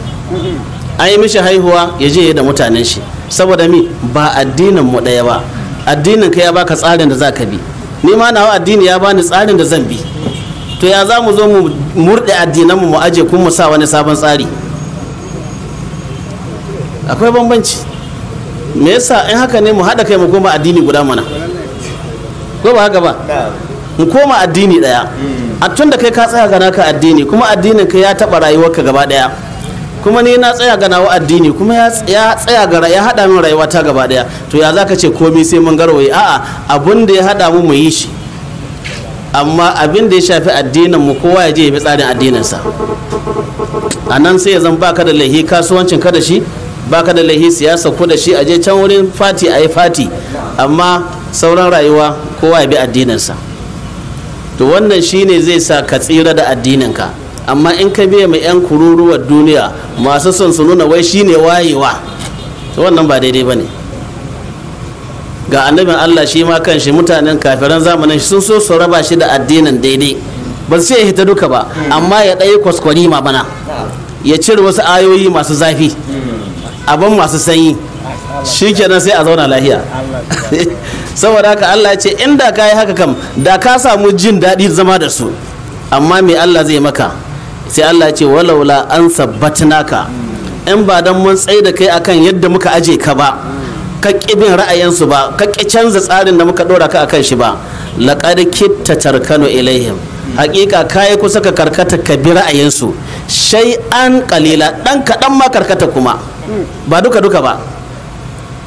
an yi mishi haihuwa ya je da mutanen shi saboda mi ba addinin mu ɗaya ba addinin ka ya baka tsarin da za ka bi ni ma nawa addini ya bani tsarin da zan bi to ya za mu zo mu murɗe addinanmu mu aje kun mu sa wani sabon tsari akwai bambanci me yasa in haka ne mu haɗa kai mu koma addini guda mana ko ba haka ba mu koma addini ɗaya a tun da kai ka tsaya ga naka addini kuma addinin ka ya taɓa rayuwarka gaba ɗaya kuma ni na tsaya ga nawa addini kuma ya tsaya ga ya hada min rayuwa ta gaba daya to ya zaka ce komai sai mun garwaye a'a abin da ya hada mu mu yi shi amma abin da ya shafi addinin mu kowa ya je ya bi tsarin addinin a nan sai ya zan baka da lahi kasuwancin ka da shi baka da lahi siyasa ko da shi a je can wurin fati a yi fati amma sauran rayuwa kowa ya bi addinin sa to wannan shine zai sa ka tsira da addinin ka amma in ka biya mai 'yan kururuwar duniya masu son su nuna wai shine wayewa to wannan ba daidai ba ne ga annabin allah shi ma kan shi mutanen kafiran zamanin sun so su raba shi da addinin daidai ba su ya hita duka ba amma ya ɗaya kwaskwari ma bana ya cire wasu ayoyi masu zafi abin masu sanyi shi kenan sai a zauna lahiya saboda haka allah ya ce inda ka yi haka kam da ka samu jin daɗi zama da su amma me allah zai maka sai Allah ce walaula an sabbatnaka in ba dan mun tsaye da kai akan yadda muka aje ka ba ka bin ra'ayinsu ba ka canza tsarin da muka ɗora ka akan shi ba laqad kitta tarkanu ilaihim hakika kayi kusa ka karkata ka bi ra'ayinsu shai an ƙalila dan kaɗan ma karkata kuma ba duka duka ba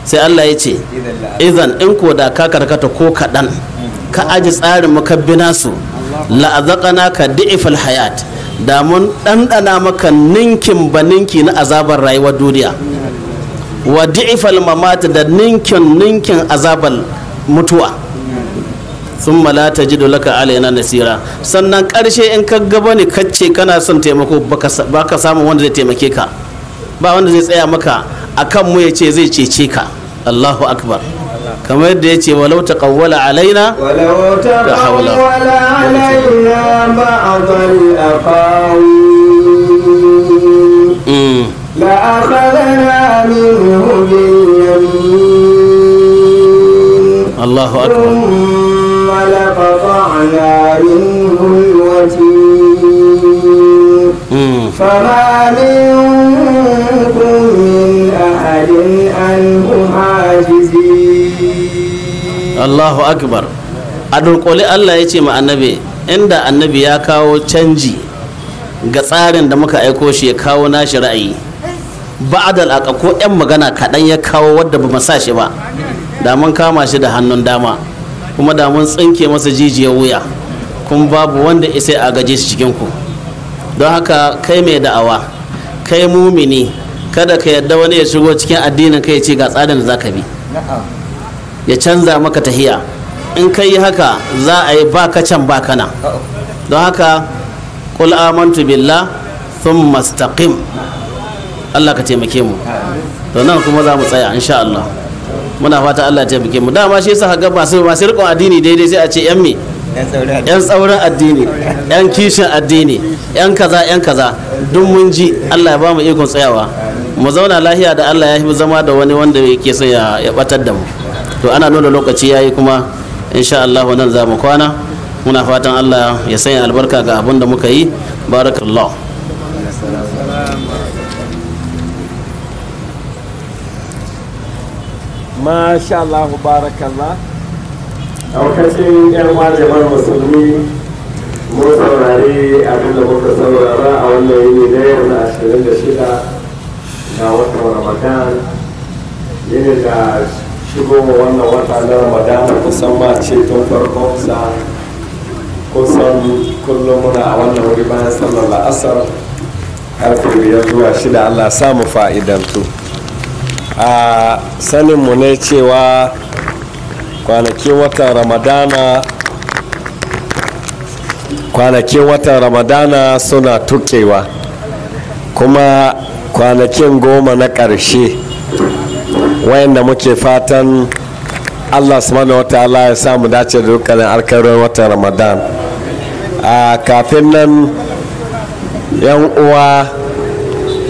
sai Allah ya ce idan in ko da ka karkata ko kaɗan ka aji tsarin makabbina su la'azaqana ka di'ifal hayat da mun ɗanɗana maka ninkin ba ninki na azabar rayuwar duniya wa di'ifal mamata da ninkin ninkin azabar mutuwa sun malata ta laka nasira sannan ƙarshe in ka gaba ne kacce kana son taimako ba ka samu wanda zai taimake ka ba wanda zai tsaya maka akan mu ya ce zai cece ka allahu akbar kamar yadda ya ce walau ta kawwala alaina da haula Allahu akbar فما منكم من أحد عنه حاجزين Allahu akbar a dulkoli Allah ya ce ma annabi inda annabi ya kawo canji ga tsarin da muka aiko shi ya kawo nashi ra'ayi ba'adal aka ko 'yan magana kaɗan ya kawo wadda ba sa shi ba da mun kama shi da hannun dama kuma da mun tsinke masa jijiyar wuya kun babu wanda isai a gaje shi cikinku don haka kai mai da'awa kai mumini kada ka yadda wani ya shigo cikin addinin kai ce ga tsarin da za ka bi ya canza maka tahiya in ka yi haka za a yi baka can baka nan don haka kul amantu billah sun mastaqim Allah ka taimake mu nan kuma za mu tsaya insha Allah muna fata Allah ya taimake mu dama shi yasa ga masu masu riƙon addini daidai sai a ce yan me yan tsauran addini yan kishin addini yan kaza yan kaza duk mun ji Allah ya ba mu ikon tsayawa mu zauna lahiya da Allah ya fi zama da wani wanda yake so ya batar da mu to ana nuna lokaci yayi kuma insha Allah nan za mu kwana muna fatan Allah ya sanya albarka ga abin da muka yi barakallah masha Allah barakallah daukacin yan jama'ar musulmi mun saurari abin da muka saurara a wannan yini na yau na ashirin da shida ga watan ramadan yini da shigowa wannan wata na ramadan kusan ma ce tun farkon sa kusan kullum muna a wannan wuri bayan sallar la'asar karfe biyar zuwa shida allah samu fa'idantu a saninmu ne cewa kwanakin watan ramadana kwanakin watan ramadana suna tukewa kuma kwanakin goma na ƙarshe wayanda muke fatan allah subhanahu wa ta'ala ya samu dace da dukkanin alkarin watan ramadan a kafin nan yan uwa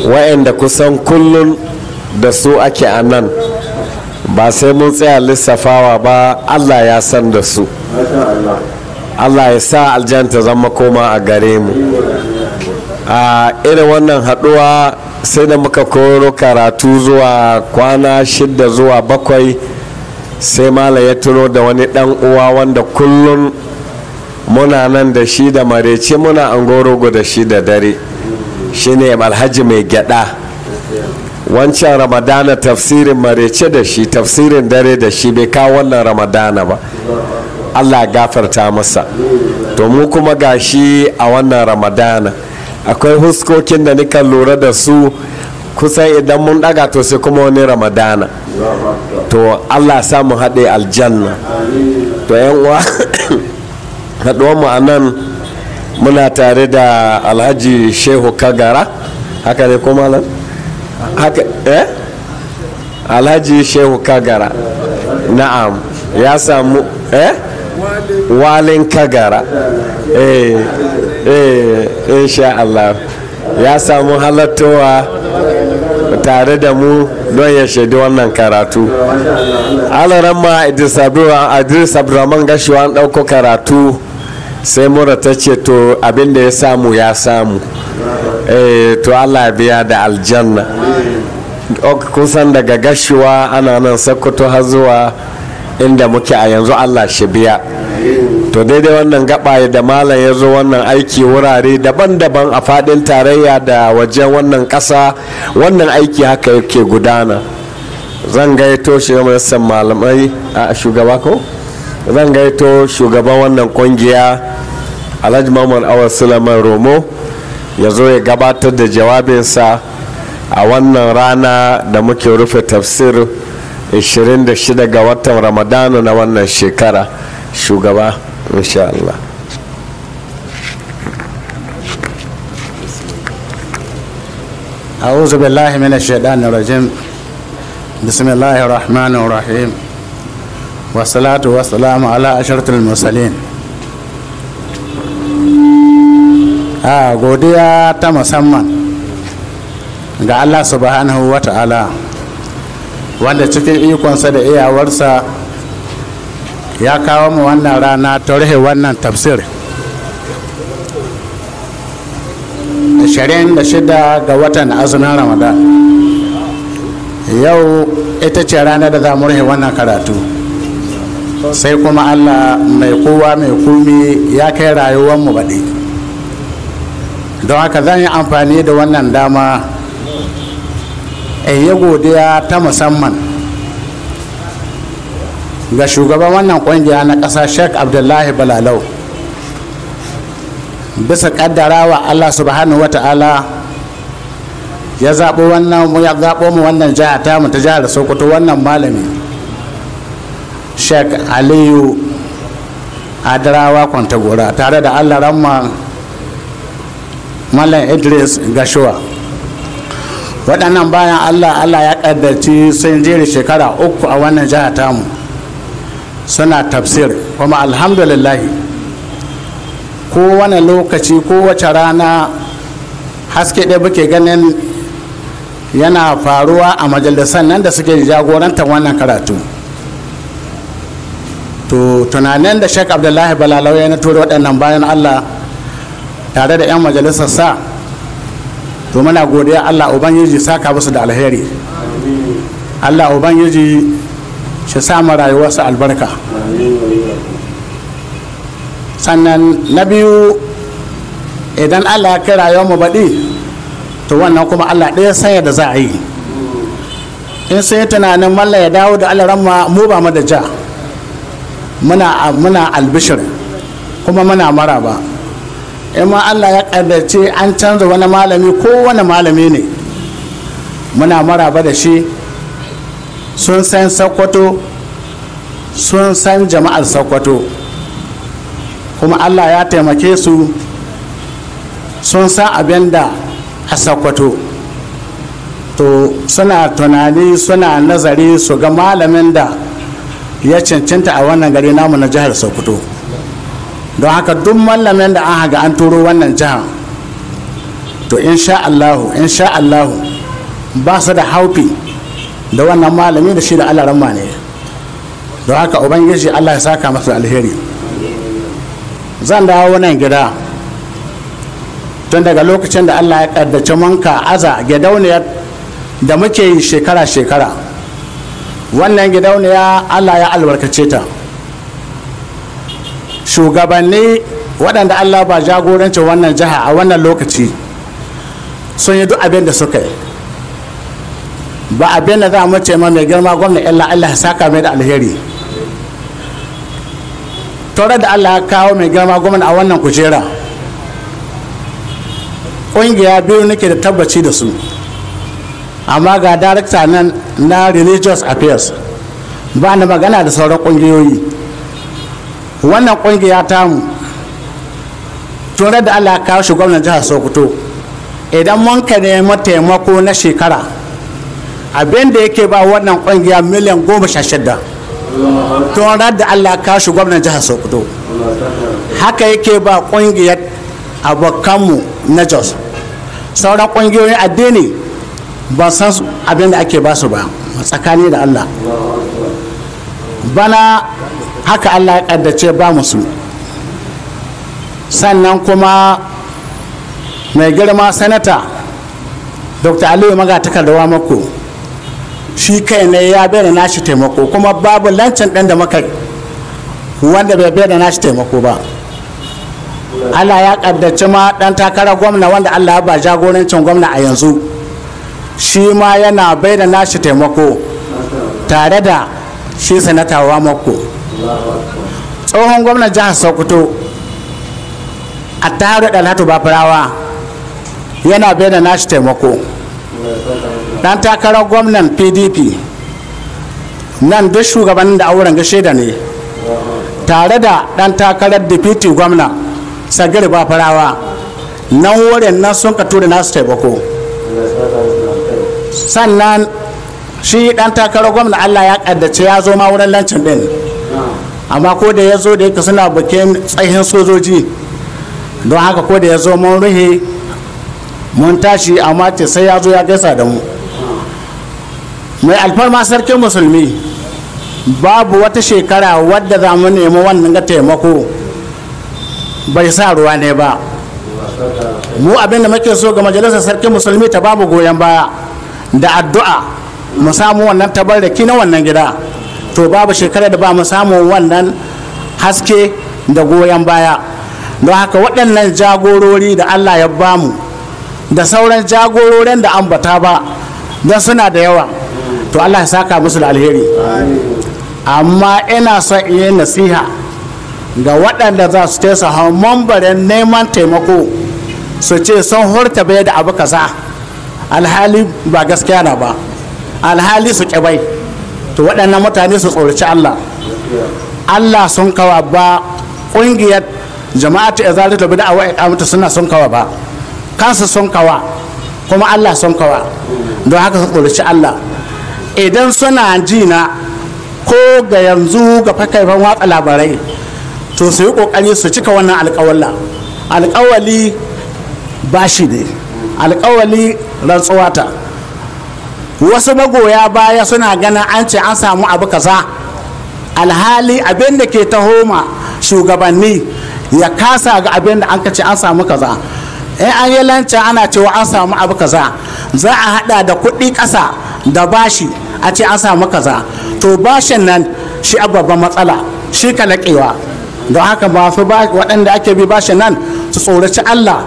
wayanda kusan kullum da su ake a nan ba sai mun tsaya lissafawa ba allah ya san da su allah ya sa aljanta zama koma a gare mu a irin wannan haduwa. sai da muka koro karatu zuwa kwana shida zuwa bakwai sai mala ya turo da wani dan uwa wanda kullum muna nan da shi da marece muna an gorogo da shi da dare shine alhaji mai gyada wancan ramadana tafsirin marece da shi tafsirin dare da shi bai kawo wannan ramadana ba allah gafarta masa to mu kuma gashi a wannan ramadana akwai huskokin da nika lura da su kusan idan mun daga to sai kuma wani ramadana to allah samu haɗe aljanna to yan uwa haɗuwar mu a nan muna tare da alhaji shehu kagara haka ne kuma nan haka eh alhaji shehu kagara na'am ya samu eh walin kagara gara. Eh, eh, insha Allah ya samu halattowa tare da mu don ya shaidi wannan karatu a idris abdurrahman gashiwa an ɗauko karatu sai mura ta ce to abinda ya samu ya samu eh, to allah biya da aljanna kusan daga gashiwa ana nan sakkwato har zuwa inda muke a yanzu allah shi biya to daidai wannan gaba da malam ya zo wannan aiki wurare daban-daban a fadin tarayya da wajen wannan ƙasa wannan aiki haka yake gudana zan gaito shugaban malamai a shugaba ko zan gaito shugaban wannan kungiya alhaji mamman awar suleiman romo ya zo ya gabatar da jawabinsa a wannan rana da muke rufe tafsir 26 ga watan ramadana na wannan shekara shugaba insha Allah أعوذ بالله من الشيطان الرجيم بسم الله الرحمن الرحيم والصلاة والسلام على أشرة المرسلين a godiya ta musamman ga Allah subhanahu wata Ala. wanda cikin ikonsa da iyawarsa ya kawo mu wannan rana ta rufe wannan tafsir da shida ga watan azumin ramadan yau ita ce ranar da za mu rufe wannan karatu sai kuma allah mai kowa mai kumi ya kai rayuwar mu baɗi don haka zan yi amfani da wannan dama Eh, yi godiya ta musamman ga shugaban wannan kungiya na ƙasa sheikh abdullahi balalau bisa kaddarawa allah subhanahu wa ta'ala ya zaɓo wannan ya zaɓo mu wannan jiha ta mu ta jihar sokoto wannan malami sheikh aliyu adarawa kwantagora tare da allah ramma malam idris gashuwa waɗannan bayan allah allah ya ƙaddaci sun jere shekara uku a wannan jiha tamu suna tafsir kuma ko wani lokaci ko kowace rana haske ɗaya muke ganin yana faruwa a majalisar nan da suke jagorantar wannan karatu to tunanin da shek abdullahi balalau ya na turi waɗannan bayan allah tare da 'yan majalisar sa to muna godiya Allah ubangiji saka musu da alheri Allah ubangiji shi sama rayuwarsu albarka sannan na biyu idan Allah ya kai rayuwar mu baɗi to wannan kuma Allah ɗaya sanya da za a yi in sai tunanin malla ya dawo da Allah ramma mu ba mu da ja muna albishir kuma muna mara ba. in ma allah ya ƙaddace an canza wani malami ko wani malami ne muna maraba da shi sun san sokoto sun san jama'ar sakwato kuma allah ya taimake su sun san abin da a sakwato to suna tunani suna nazari su ga malamin da ya cancanta a wannan gari namu na jihar sokoto don haka duk mallamin da an haga an turo wannan jihar to insha Allahu sha Allahu ba su da haufi da wannan malami da shi da Allah ramma ne don haka ubangiji Allah ya saka masa alheri zan dawo nan gida tun daga lokacin da Allah ya kaddace manka aza gidauniyar da muke yi shekara-shekara wannan gidauniya Allah ya albarkace ta shugabanni waɗanda allah ba jagoranci wannan jiha a wannan lokaci sun yi duk abin da suka yi ba abin da za mu ce ma mai girma gwamna illa allah ya saka mai da alheri tare da allah ya kawo mai girma gwamna a wannan kujera ƙungiya biyu nake da tabbaci da su amma ga darakta nan na religious affairs ba na magana da sauran ƙungiyoyi wannan kungiya tamu tun da allah ka shi gwamnan jihar sokoto idan mun ka nemi taimako na shekara abin da yake ba wannan kungiya miliyan goma sha shida tun da allah ka shi gwamnan jihar sokoto haka yake ba kungiyar abokanmu na jos sauran kungiyoyin addini ba san abin da ake basu ba tsakani da allah bana haka allah ya kaddace ba musu sannan kuma mai girma sanata dr aliyu wa mako shi kai ne ya bai da nashi taimako kuma babu lancin ɗan da maka wanda bai bai da nashi taimako ba allah ya kaddace ma ɗan takarar gwamna wanda allah ya ba jagorancin gwamna a yanzu shi ma yana bai da nashi taimako tare da shi sanata wa mako tsohon gwamnan jihar sokoto a tare da alhatu bafarawa yana bai da nashi taimako dan takarar gwamnan pdp nan duk shugabannin da auren gashe da ne tare da dan takarar deputy gwamna sagir bafarawa nan wurin nan sun ka tura nasu taimako sannan shi dan takarar gwamna allah ya kaddace ya zo ma wurin lancin ɗin. amma ko da ya zo da yake suna bikin tsayin sojoji don haka ko da ya zo mun ruhe mun tashi amma ce sai ya zo ya gaisa da mu mai alfarma sarkin musulmi babu wata shekara wadda za mu nemi wannan ga taimako bai sa ruwa ne ba mu abinda muke so ga majalisar sarkin musulmi ta babu goyon baya da addu'a mu samu wannan tabarraki na wannan gida to babu shekarar da ba mu samun wannan haske da goyon baya don haka waɗannan jagorori da allah ya bamu da sauran jagororin da an bata ba don suna da yawa to allah ya saka musu da alheri amma ina son iya nasiha ga waɗanda za su tesa mambarin neman taimako su ce sun hurta bai da abu kasa, alhali ba gaskiya na ba alhali su ƙibai to waɗannan mutane su tsoraci Allah Allah sun kawa ba ƙungiyar jama'atu izalatu da bid'a wa iqamatu suna sun kawa ba kansu sun kawa kuma Allah sun kawa don haka su tsoraci Allah idan suna jina ko ga yanzu ga fakaifan watsa labarai to su yi kokari su cika wannan alkawali alƙawali bashi ne alƙawali rantsuwata wasu magoya baya suna ganin an ce an samu abu kaza alhali abin da ke tahoma shugabanni ya kasa ga abin da an ka ce an samu kaza in an yi lanci ana cewa an samu abu kaza za a hada da kuɗi ƙasa da bashi a ce an samu kaza to bashin nan shi babban matsala shi ka laƙewa don haka masu waɗanda ake bi bashin nan su tsoraci allah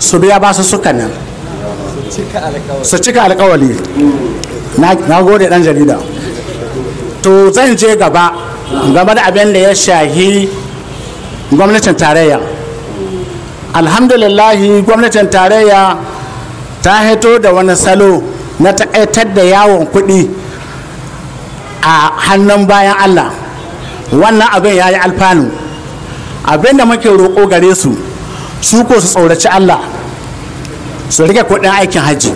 su biya basu suka nan su cika alkawali na gode dan jarida to zan je gaba game da abin da ya shahi gwamnatin tarayya alhamdulillahi gwamnatin tarayya ta hito da wani salo na takaitar da yawon kuɗi a hannun bayan allah wannan abin ya yi alfanu abin da muke roƙo gare su su ko su tsoraci allah su rage kudin aikin hajji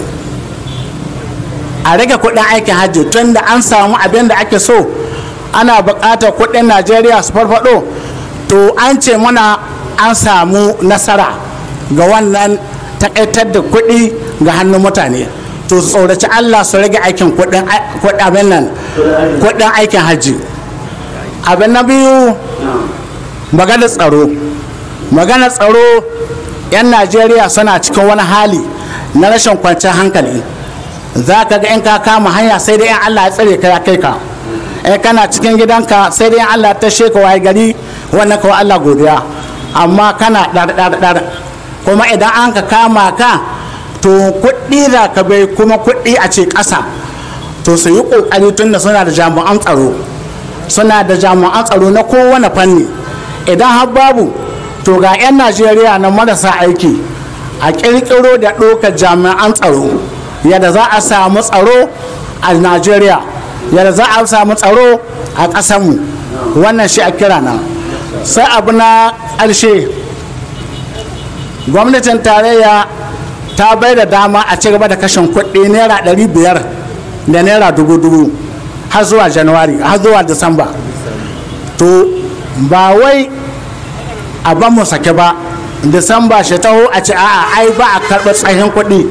a rage kuɗin aikin hajji tun da an samu abin da ake so ana buƙatar kuɗin najeriya su farfaɗo to an ce mana an samu nasara ga wannan takaitar da kuɗi ga hannun mutane to su tsoraci allah su rage aikin kudin nan kuɗin aikin hajji abin na biyu magana tsaro magana tsaro 'yan najeriya suna cikin wani hali na rashin kwanciyar hankali za ka ga in ka kama hanya sai dai in allah ya tsare ka ya kai ka in kana cikin gidanka sai dai in allah ya tashe ka waye gari wannan kawai allah godiya amma kana dar kuma idan an ka kama ka to kuɗi za ka bai kuma kuɗi a ce ƙasa to su yi ƙoƙari tun da suna da jami'an tsaro suna da jami'an tsaro na kowane fanni idan har babu to ga 'yan najeriya na marasa aiki a ƙirƙiro da ɗaukar jami'an tsaro yadda za a samu tsaro a najeriya yadda za a samu tsaro a ƙasanmu wannan shi a kira na sai abu na ƙarshe gwamnatin tarayya ta bai da dama a ci gaba da kashin kuɗi naira ɗari biyar da naira dubu dubu har zuwa januwari har zuwa disamba to ba wai a ba mu sake ba disamba shi taho a ce a'a ai ba a karɓar tsahin kuɗi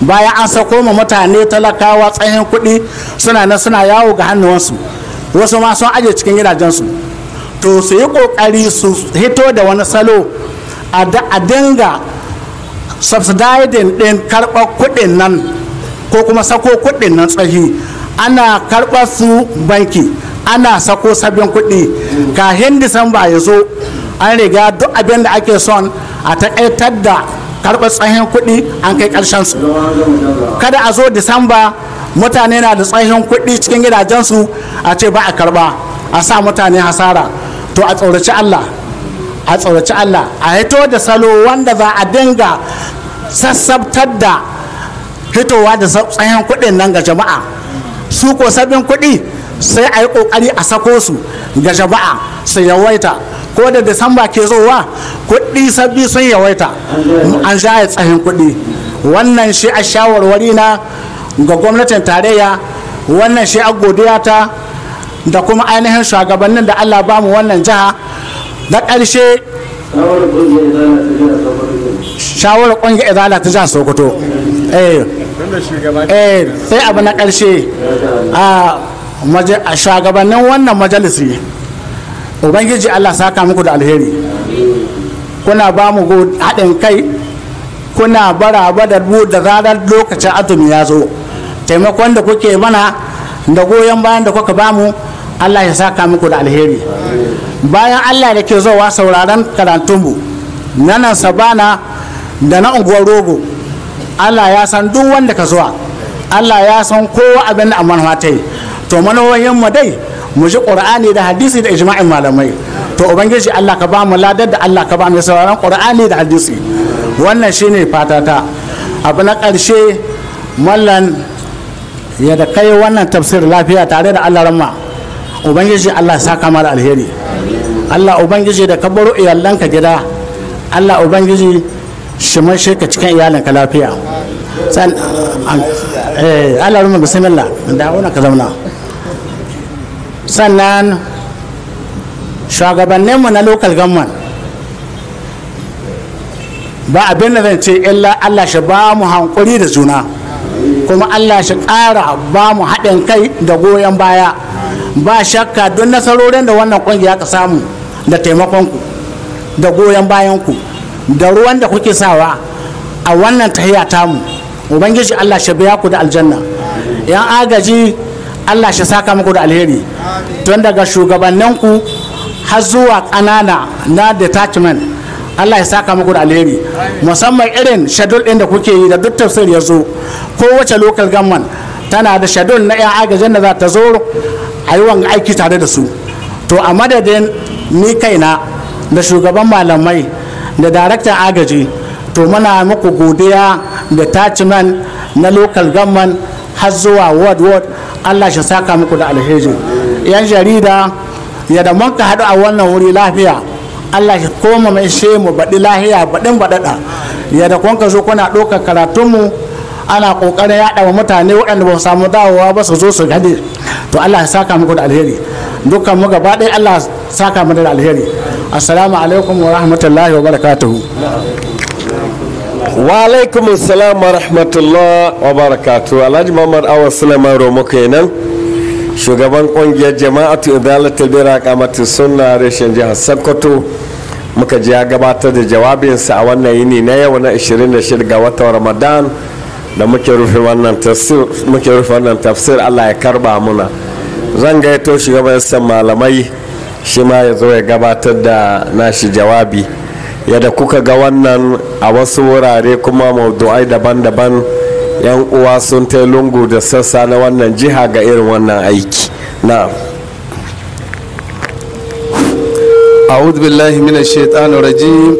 bayan an sako ma mutane talakawa tsahin kuɗi suna na suna yawo ga hannuwansu wasu ma sun aje cikin gidajensu to su yi ƙoƙari su hito da wani salo a dinga subsidizing din karɓar kuɗin nan ko kuma sako kuɗin nan tsahi ana karɓar su banki ana sako sabbin kuɗi kahin disamba ya zo an riga duk abin da ake son a takaitar da karɓar tsahin kuɗi an kai ƙarshen su kada a zo disamba mutane na da tsahin kuɗi cikin gidajensu a ce ba a karɓa a sa mutane hasara to a tsoraci allah a tsoraci allah a hito da salo wanda za a dinga sassabtar da hitowa da tsahin kuɗin nan ga jama'a su ko sabbin kuɗi sai a yi ƙoƙari a sako su ga jama'a su yawaita ko da disamba ke zowa kuɗi sabbi sun yawaita an ya tsahin kuɗi wannan shi a shawarwari na ga gwamnatin tarayya wannan shi a godiya ta da kuma ainihin shugabannin da allah ba mu wannan jiha na ƙarshe shawarar ƙungiyar izala ta jihar sokoto eh, eh, sai abu na ƙarshe ah, a shugabannin wannan majalisi ubangiji allah saka muku da alheri kuna ba mu haɗin kai kuna baraba da mu da zarar lokacin azumi ya zo taimakon da kuke mana da goyon bayan da kuka bamu allah ya saka muku da alheri bayan allah da ke zowa sauraron karatunmu na nan sabana da na unguwar rogo allah ya san duk wanda ka zuwa allah ya san kowa abin da amma ta yi to manohin mu dai mu ji qur'ani da hadisi da ijma'in malamai to ubangiji Allah ka ba mu ladar da Allah ka ba mu sauraron qur'ani da hadisi wannan shine fatata abu na ƙarshe mallan ya da kai wannan tafsir lafiya tare da Allah ramma ubangiji Allah saka mara alheri Allah ubangiji da ka baro iyalanka gida Allah ubangiji shi mashe ka cikin iyalanka lafiya San eh, Allah rumma bismillah da wannan ka zauna sannan shugabanninmu na local government ba abin da zan illa allah shi ba mu hankuri da juna kuma allah shi ƙara ba mu haɗin kai da goyon baya ba shakka don nasarorin da wannan ƙungiya ka samu da taimakonku da goyon bayanku da ruwan da kuke sawa a wannan tahiya tamu ubangiji allah shi biya ku da aljanna yan agaji Allah shi saka muku da alheri tun daga shugabanninku har zuwa ƙanana na detachment Allah ya saka muku da alheri musamman irin shadul ɗin da kuke yi da duk tafsir ya zo kowace local gamman tana da shadul na 'yan agajin da za ta zo a yi aiki tare da su to a madadin ni kaina da shugaban malamai da daraktan agaji to muna muku godiya da na local gamman har zuwa ward ward allah shi saka muku da alheri yan jarida ya da ka haɗu a wannan wuri lafiya allah shi koma mai she mu baɗi lahiya baɗin baɗaɗa ya da kun ka zo kuna ɗaukar karatunmu ana ƙoƙarin yaɗa wa mutane waɗanda ba su samu dawowa ba su zo su gani to allah ya saka muku da alheri dukkan mu gaba ɗaya allah saka mu da alheri assalamu alaikum wa rahmatullahi wa barakatuhu wa salam wa rahmatullah wa barakatu alhaji muhammad Awa suleiman romo kenan shugaban kungiyar jama'atu idalatul bira kamatu sunna reshen jihar sokoto muka ji ya gabatar da jawabinsa a wannan yini na yau na 26 ga watan ramadan da muke rufe wannan tafsir allah ya karba muna zan gaito shugaban malamai shi ma ya zo ya gabatar da nashi jawabi yadda kuka ga wannan a wasu wurare kuma maudu'ai daban-daban yan uwa sun ta lungu da sassa na wannan jiha ga irin wannan aiki na a'udhu billahi minash shaitanir rajim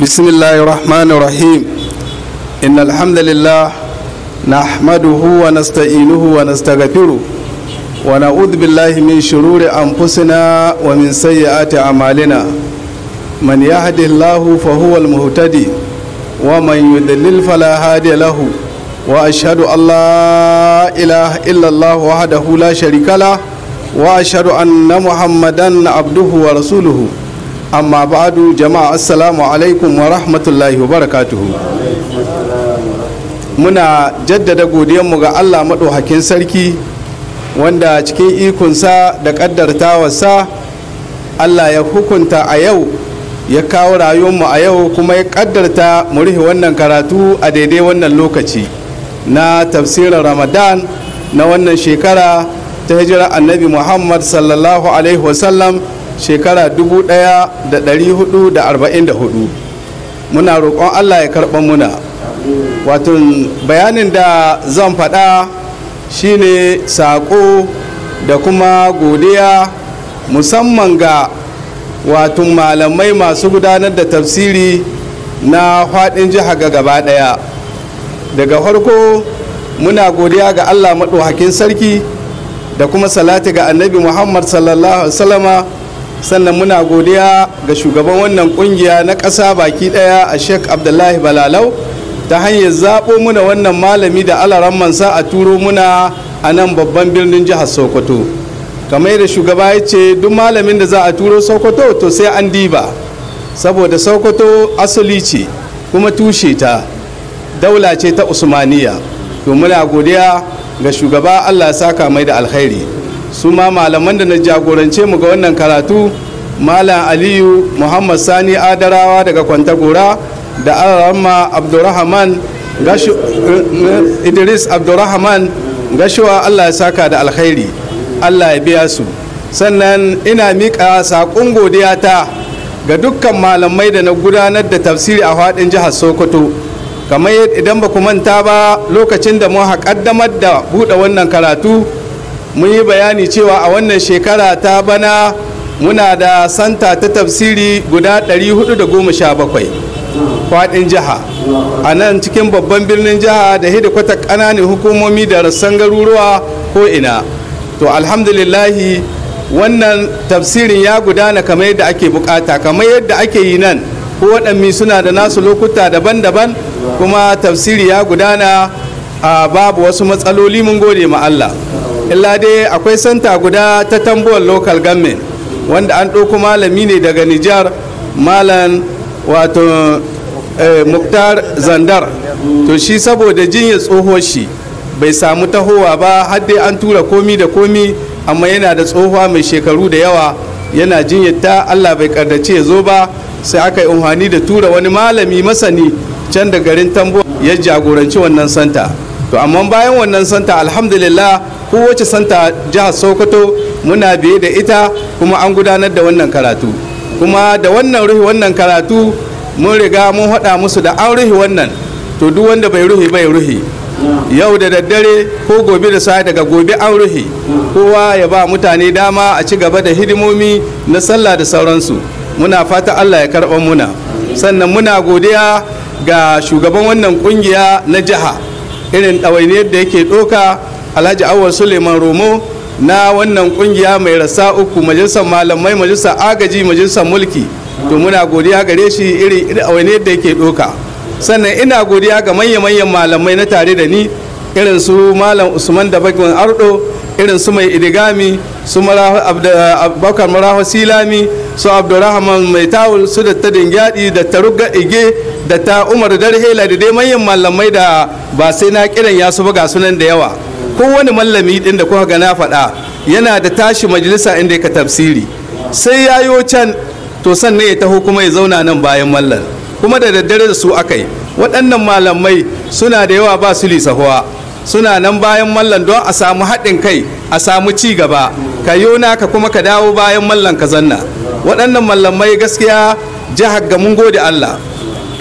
bismillahir rahmanir rahim na innal hamdalillah nahmaduhu wa nasta'inuhu wa nastaghfiru wa na'udhu billahi min shururi anfusina wa min sayyiati a'malina من يهد الله فهو المهتدي ومن يضلل فلا هادي له واشهد ان لا اله الا الله وحده لا شريك له واشهد ان محمدا عبده ورسوله اما بعد جماعه السلام عليكم ورحمه الله وبركاته muna jaddada godiyanmu ga allah maɗaukakin sarki wanda cikin ikonsa da ƙaddartawarsa allah ya hukunta a yau ya kawo rayuwarmu a yau kuma ya kaddarta mu rufe wannan karatu a daidai wannan lokaci na tafsirin ramadan na wannan shekara ta hijira annabi muhammad sallallahu alaihi wasallam shekara 1444 muna roƙon allah ya karɓa muna wato bayanin da zan faɗa shine saƙo da kuma godiya musamman ga wato malamai masu gudanar da tafsiri na faɗin jiha ga gaba ɗaya daga farko muna godiya ga allah maɗauhakin sarki da kuma salati ga annabi muhammad sallallahu alaihi sannan muna godiya ga shugaban wannan kungiya na ƙasa baki ɗaya a sheik abdullahi balalau ta hanyar zaɓo muna wannan malami da mansa a turo muna a nan babban birnin jihar sokoto kamar da shugaba ya ce duk malamin da za a turo sokoto to sai an diba saboda sokoto asali ce kuma tushe ta daula ce ta usmaniya to muna godiya ga shugaba allah saka mai da alkhairi su ma malaman da na jagorance mu ga wannan karatu malam aliyu muhammad sani adarawa daga kwantagora da alarama abdurrahman eh, eh, idris abdurrahman gashuwa allah ya saka da alkhairi allah ya biya su sannan ina miƙa saƙon godiya ta ga dukkan malamai da na gudanar da tafsiri a faɗin jihar sokoto kamar idan ba ku manta ba lokacin da mu haƙaddamar da buɗe wannan karatu mun yi bayani cewa a wannan shekara ta bana muna da santa ta tafsiri guda 417 kwaɗin jiha a nan cikin babban birnin jiha da kwata ƙananan hukumomi da rassan garuruwa ko ina to alhamdulillahi wannan tafsirin ya gudana kamar yadda ake bukata kamar yadda ake yi nan ko waɗanmi suna da nasu lokuta daban-daban kuma tafsiri ya gudana a babu wasu matsaloli mun gode ma Allah illa dai akwai santa guda ta tambuwar local government wanda an ɗauko malami ne daga Nijar malam wato eh, muktar zandar to shi saboda jinya tsoho shi bai samu tahowa ba har dai an tura komi da komi amma yana da tsohuwa mai shekaru da yawa yana jinyata allah bai kardace ya zo ba sai aka yi umarni da tura wani malami masani can da garin tambo ya jagoranci wannan santa to amma bayan wannan santa alhamdulillah kowace santa jihar sokoto muna biye da ita kuma an gudanar da wannan karatu kuma da wannan ruhi wannan karatu mun riga mun haɗa musu da an ruhi wannan to duk wanda bai ruhi bai ruhi yau da daddare ko gobe da saa daga gobe an ruhe kowa ya ba mutane dama a ci gaba da hidimomi na sallah da sauransu muna fata allah ya karɓa muna sannan muna godiya ga shugaban wannan kungiya na jiha irin ɗawainiyar da yake ɗoka alhaji awar suleiman romo na wannan kungiya mai rasa uku majalisar malamai majalisar agaji majalisar mulki to muna godiya gare shi irin ɗawainiyar da yake ɗoka sannan ina godiya ga manya-manyan malamai na tare da ni irin su malam usman da bagwan ardo irin su mai idigami su bakar maraho silami su abdurrahman mai tawul su da ta dingyadi da ta ruga ige da ta umar darhela da dai manyan malamai da ba sai na kiran ya su buga sunan da yawa kowane mallami din da kuka ga na faɗa yana da tashi majalisa inda ka tafsiri sai yayo can to sannan ya taho kuma ya zauna nan bayan mallan kuma da daddare da su aka yi waɗannan malamai suna da yawa ba su lisahuwa suna nan bayan mallan don a samu haɗin kai a samu ci gaba ka yona ka kuma ka dawo bayan mallan ka zanna waɗannan mallamai gaskiya jihar ga mun gode Allah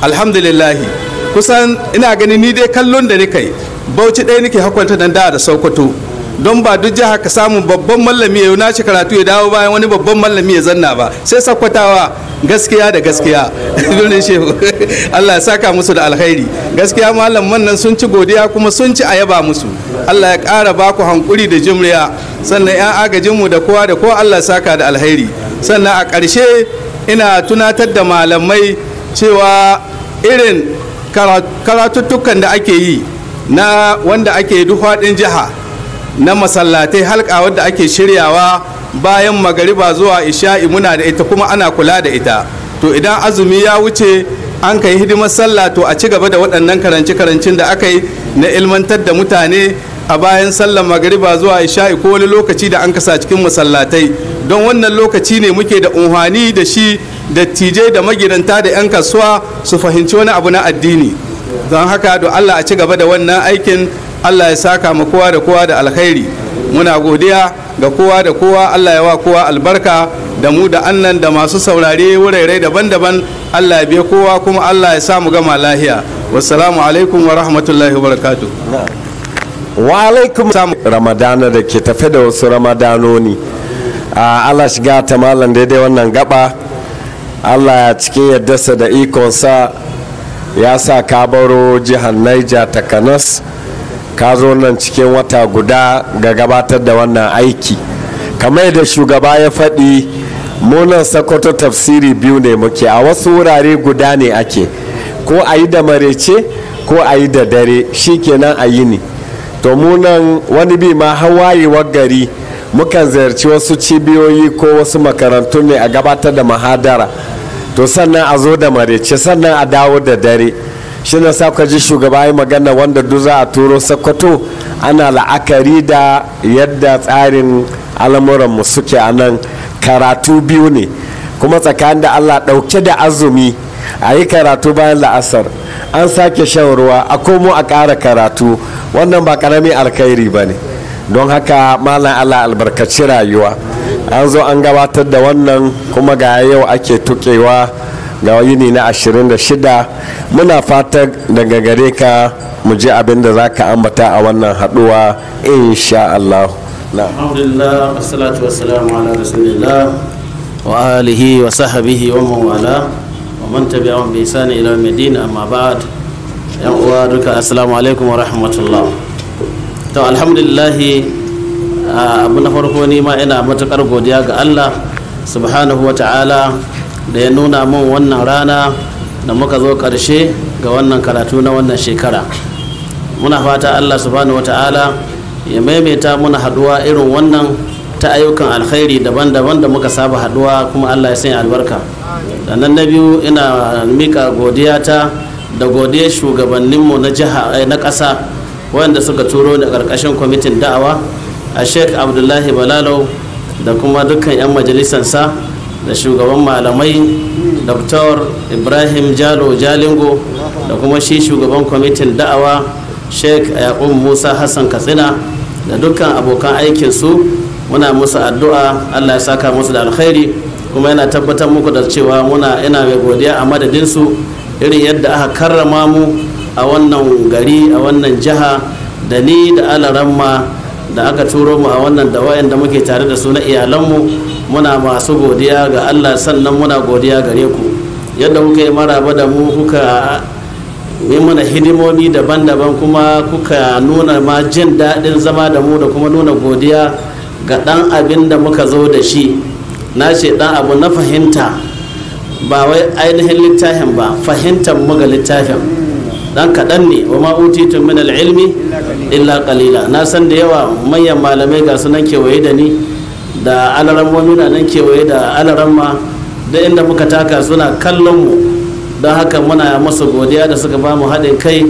alhamdulillahi kusan ina gani ni dai kallon da ni kai bauchi ɗaya nake hakwanta nan da da sokoto don ba duk jiha ka samu babban mallami ya nace karatu ya dawo bayan wani babban mallami ya zanna ba sai sakwatawa gaskiya da gaskiya dole shehu Allah ya saka musu da alkhairi gaskiya malaman nan sun ci godiya kuma sun ci ayaba musu Allah ya ƙara ba ku hankuri da jimriya sannan 'yan mu da kowa da kowa Allah ya saka da alkhairi sannan a ƙarshe ina tunatar da malamai cewa irin karatuttukan da ake yi na wanda ake duk faɗin jiha na masallatai halka wadda ake shiryawa bayan magariba zuwa isha'i muna da ita kuma ana kula da ita to idan azumi ya wuce an kai hidimar sallah to a ci gaba da waɗannan karance karancin da aka yi na ilmantar da mutane a bayan sallar magariba zuwa isha'i ko wani lokaci da an kasa cikin masallatai don wannan lokaci ne muke da unhani da shi da tije da magidanta da 'yan kasuwa su fahimci wani abu na addini don haka to allah a ci gaba da wannan aikin Allah ya saka mu kowa da kowa da alkhairi muna godiya ga kowa da kowa Allah ya wa kowa albarka da mu da annan da masu saurare wurare daban-daban Allah ya biya kowa kuma Allah ya samu gama lahiya wassalamu alaikum wa rahmatullahi wa barakatu. wa alaikum ramadana da ke tafe da wasu ramadanoni Allah shiga ta malam daidai wannan gaba Allah ya cikin yardarsa da ikonsa ya sa kabaro jihar Niger takanas ka zo nan cikin wata guda ga gabatar da wannan aiki kamar yadda shugaba ya faɗi munan sakoto tafsiri biyu ne muke a wasu wurare guda ne ake ko a yi da marece ko a yi da dare shi kenan a yi ne to munan wani bi ma hawayewar gari mukan ziyarci wasu cibiyoyi ko wasu makarantu ne a gabatar da mahadara to sannan a zo da marece sannan a dawo da dare shi na sa ji shugaba ya magana wanda duk za a turo sakwato ana la'akari da yadda tsarin al'amuranmu suke a nan karatu biyu ne kuma tsakanin da allah ɗauke da azumi a yi karatu bayan la'asar an sake shan ruwa a komo a ƙara karatu wannan ba ƙaramin alkhairi ba ne don haka malam allah albarkaci rayuwa an zo an gabatar da wannan kuma ga yau ake tukewa ga yini na 26 muna fatan daga gare ka mu ji abin da za ka ambata a wannan haɗuwa insha Allah alhamdulillah wassalatu wassalamu ala rasulillah wa alihi wa sahabihi wa mawala wa man tabi'ahum bi ihsan ila yawmiddin amma ba'd yan uwa duka assalamu alaikum wa rahmatullah to alhamdulillah ah, abu na farko ni ma ina matukar godiya ga Allah subhanahu wa ta'ala da ya nuna mun wannan rana da muka zo karshe ga wannan karatu na wannan shekara muna fata allah subhanahu wa ta'ala ya maimaita muna haduwa irin wannan ta ayyukan alkhairi daban-daban da muka saba haduwa kuma allah ya sanya albarka sannan na biyu ina mika godiya ta da godiyar shugabanninmu na jiha eh, na ƙasa wanda suka turo da ƙarƙashin kwamitin da'awa a sheik abdullahi balalau da kuma dukkan 'yan majalisansa da shugaban malamai dr ibrahim jalo jalingo da kuma shi shugaban kwamitin da'awa sheikh yaqub musa hassan katsina da dukkan abokan aikinsu muna musu addu'a allah ya saka musu da alkhairi kuma yana tabbatar muku da cewa muna ina mai godiya a madadinsu irin yadda aka karrama mu a wannan gari a wannan jiha da ni da alaramma da aka turo mu a wannan da wayanda muke tare da su na iyalanmu muna masu godiya ga allah sannan muna godiya gare ku yadda kuka yi maraba da mu kuka yi mana hidimomi daban-daban kuma kuka nuna ma jin daɗin zama da mu da kuma nuna godiya ga ɗan abin da muka zo da shi na ce ɗan abu na fahimta ba wai ainihin littafin ba fahimtar muga littafin ɗan kaɗan ne wa tun min ilmi illa kalila na san da yawa manyan malamai ga sunan kewaye da ni da alarammomi na nan kewaye da ma da inda muka taka suna kallon mu don haka muna masu godiya da suka bamu haɗin kai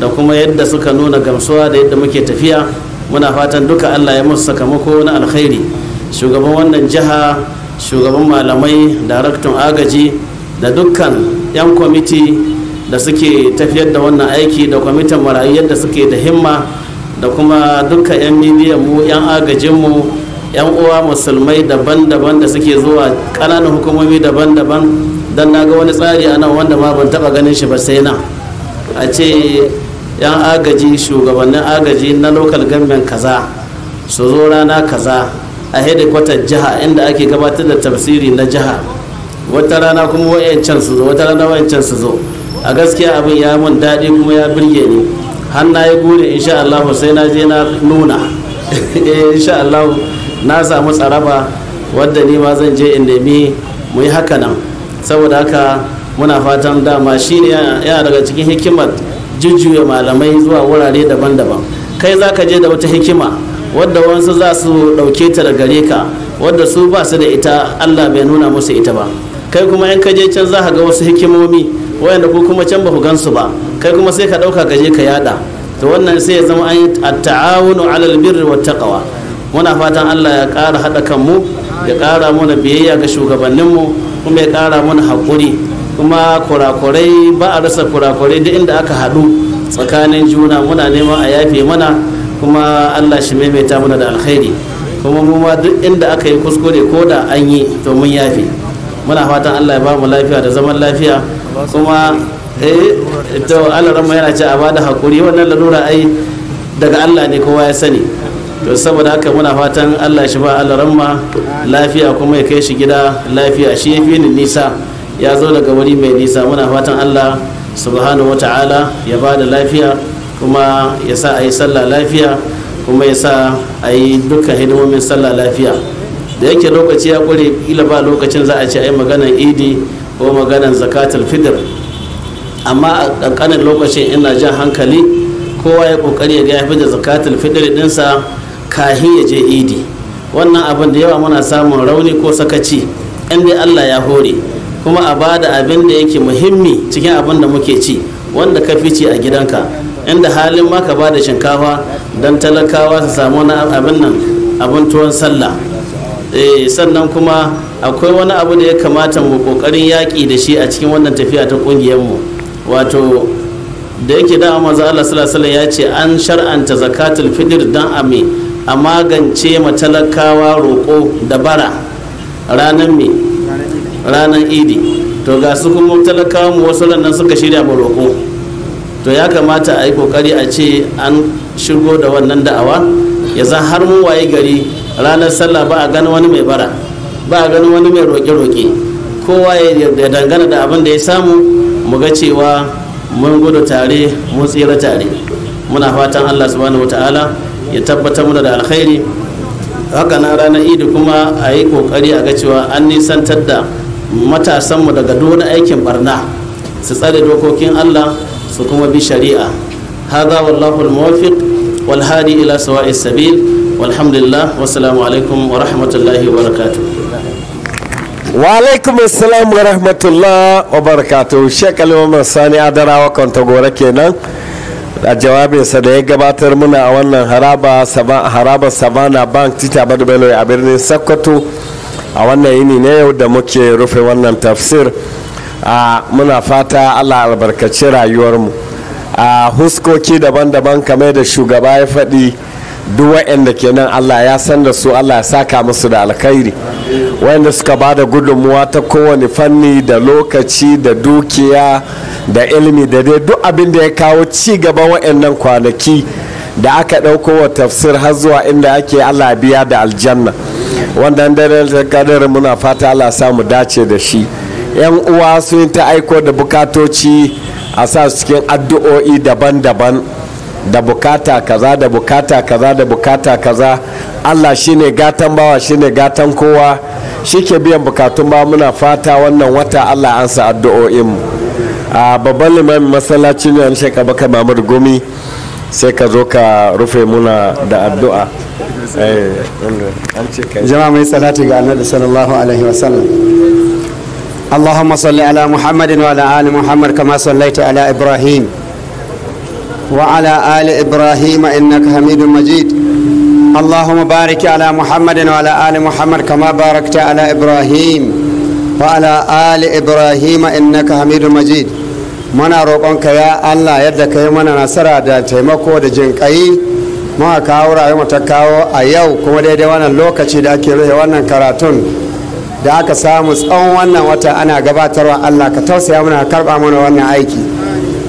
da kuma yadda suka nuna gamsuwa da yadda muke tafiya muna fatan duka allah ya musu sakamako na alkhairi shugaban wannan jiha shugaban malamai daraktan agaji da dukkan 'yan kwamiti da suke tafiyar da wannan aiki da kwamitin marayu yadda suke da himma da kuma dukkan 'yan midiyan mu 'yan agajinmu 'yan uwa musulmai daban-daban da suke zuwa ƙananan hukumomi daban-daban don na ga wani tsari a nan wanda ma ban taba ganin shi ba sai na a ce 'yan agaji shugabannin agaji na lokal government kaza su zo rana kaza a hedikwatar jiha inda ake gabatar da tafsiri na jiha wata rana kuma wayancan su zo wata rana wayancan su zo a gaskiya abin ya mun daɗi kuma ya birge ni har na yi gure insha Allah sai na je na nuna eh, insha Allah na samu tsaraba wadda ni ma zan je in nemi mu yi haka nan saboda haka muna fatan dama shi ne yana daga cikin hikimar jujjuya malamai zuwa wurare daban-daban kai za ka je da wata hikima wadda wasu za su ɗauke ta da gare ka wadda su ba su da ita allah bai nuna musu ita ba kai kuma in ka je can za ka ga wasu hikimomi wayanda ku kuma can ba ku gansu ba kai kuma sai ka ɗauka ka je ka yada to wannan sai ya zama an yi ta'awunu alal birri wa taqwa muna fatan allah ya ƙara haɗa kanmu ya ƙara mana biyayya ga shugabanninmu kuma ya ƙara mana haƙuri kuma kurakurai ba a rasa kurakurai duk inda aka haɗu tsakanin juna muna neman a yafe mana kuma allah shi maimaita mana da alkhairi kuma mu ma duk inda aka yi kuskure ko da an yi to mun yafe muna fatan allah ya ba mu lafiya da zaman lafiya kuma eh to Allah ranmu yana ce a bada hakuri wannan larura ai daga Allah ne kowa ya sani to saboda haka muna fatan allah shi ba alaramma lafiya kuma ya kai shi gida lafiya shi ya fi ni nisa ya zo daga wuri mai nisa muna fatan allah subhanahu wata'ala ya ba da lafiya kuma ya sa a yi sallah lafiya kuma ya sa a yi dukkan hidimomin sallah lafiya da yake lokaci ya kure ila ba lokacin za a ce a yi maganar idi ko maganar zakatul fitr amma a ƙanƙanin lokacin ina jan hankali kowa ya ƙoƙari ya ga ya fi da zakatul fitr ɗinsa Kahi ya je idi wannan abin da yawa muna samun rauni ko sakaci in dai allah ya hore kuma a bada abin da yake muhimmi cikin abin da muke ci wanda ka fi ci a gidanka inda halin ma ka da shinkafa don talakawa su samu wani abin nan abin tuwon sallah eh, sannan kuma akwai wani abu da ya kamata mu kokarin yaƙi da shi a cikin wannan tafiya ta mu wato da yake da manzo Allah sallallahu ya ce an shar'anta zakatul fitr dan ame a magance matalakawa roƙo da bara ranar mai ranar idi to ga su kuma talakawa mu wasu nan suka shirya ba roƙo to ya kamata a yi ƙoƙari a ce an shigo da wannan da'awa ya zan har mu waye gari ranar sallah ba a gani wani mai bara ba a gani wani mai roƙe-roƙe kowa ya dangana da abin da ya samu mu ga cewa mun gudu tare mun tsira tare muna fatan allah subhanahu wa ta'ala ya tabbatar mana da alkhairi haka na ranar idi kuma a yi kokari a ga cewa an nisantar da matasanmu daga dole aikin barna su tsare dokokin allah su kuma bi shari'a hada wallahu al-muwafiq wal hadi ila sawa'i sabil walhamdulillah wassalamu alaikum wa rahmatullahi wa barakatuh wa alaikum assalam wa rahmatullah wa barakatuh shekalu sani adarawa ta gora kenan a jawabinsa da ya gabatar muna a wannan harabar savannah bank tita bello a birnin sokoto a wannan yini na yau da muke rufe wannan tafsir a muna fata allah albarkaci rayuwarmu a huskoki daban-daban kamar da shugaba ya faɗi duk waɗanda kenan allah ya san da su allah ya saka musu da alkhairi wanda suka ba da gudunmuwa ta kowane fanni da lokaci da dukiya da ilimi da dai duk abin da ya kawo ci gaban waɗannan kwanaki da aka ɗauko wa tafsir har zuwa inda ake allah biya da aljanna wanda dare kadar muna fata allah mu dace da shi yan uwa sun ta aiko da bukatoci a sa cikin addu'o'i daban-daban da bukata kaza da bukata kaza da bukata kaza allah shine gatan bawa shine gatan kowa shi ke biyan bukatun ba muna fata wannan wata allah an sa addu'o'inmu a babban limamin masallacin yan shekar baka mamur gumi sai ka zo ka rufe muna da addu'a eh, jama'a mai salati ga annabi sallallahu alaihi wasallam اللهم صل على محمد وعلى ال محمد كما صليت على ابراهيم وعلى آل إبراهيم إنك حميد مجيد اللهم بارك على محمد وعلى آل ya Allah yadda ka yi mana nasara da taimako da jinƙayi muka kawo rayuwa ta kawo a yau kuma daidai wannan lokaci da ake rufe wannan karatun da aka samu tsawon wannan wata ana gabatarwa Allah ka tausaya mana karba mana wannan aiki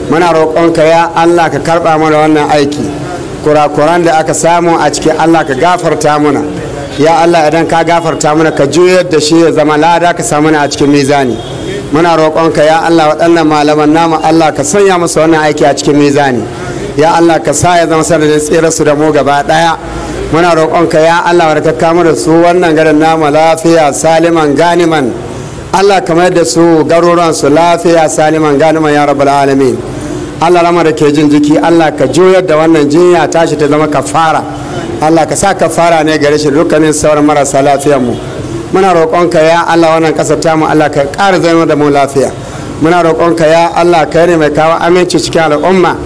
muna roƙonka ya allah ka karɓa mana wannan aiki kurakuran da aka samu a cikin allah ka gafarta mana ya allah idan ka gafarta mana ka juyar da shi ya zama lada ka samu a cikin mizani muna roƙonka ya allah waɗannan malaman namu allah ka sanya musu wannan aiki a cikin mizani ya allah ka sa ya zama sanadin tsira su da mu gaba ɗaya muna roƙonka ya allah wadda ka kama da su wannan garin namu lafiya saliman ganiman allah kamar da su garuruwan su lafiya saliman ganiman ya rabbal alamin Allah rama da ke jin jiki Allah ka juyar da wannan jinya tashi ta zama ka fara, Allah ka sa ka fara ne gare shi dukkanin sauran marasa lafiyar mu muna roƙonka ya Allah wannan ƙasar mu Allah ka ƙara zama da mu lafiya muna roƙonka ya Allah ka ne mai kawo aminci cikin al'umma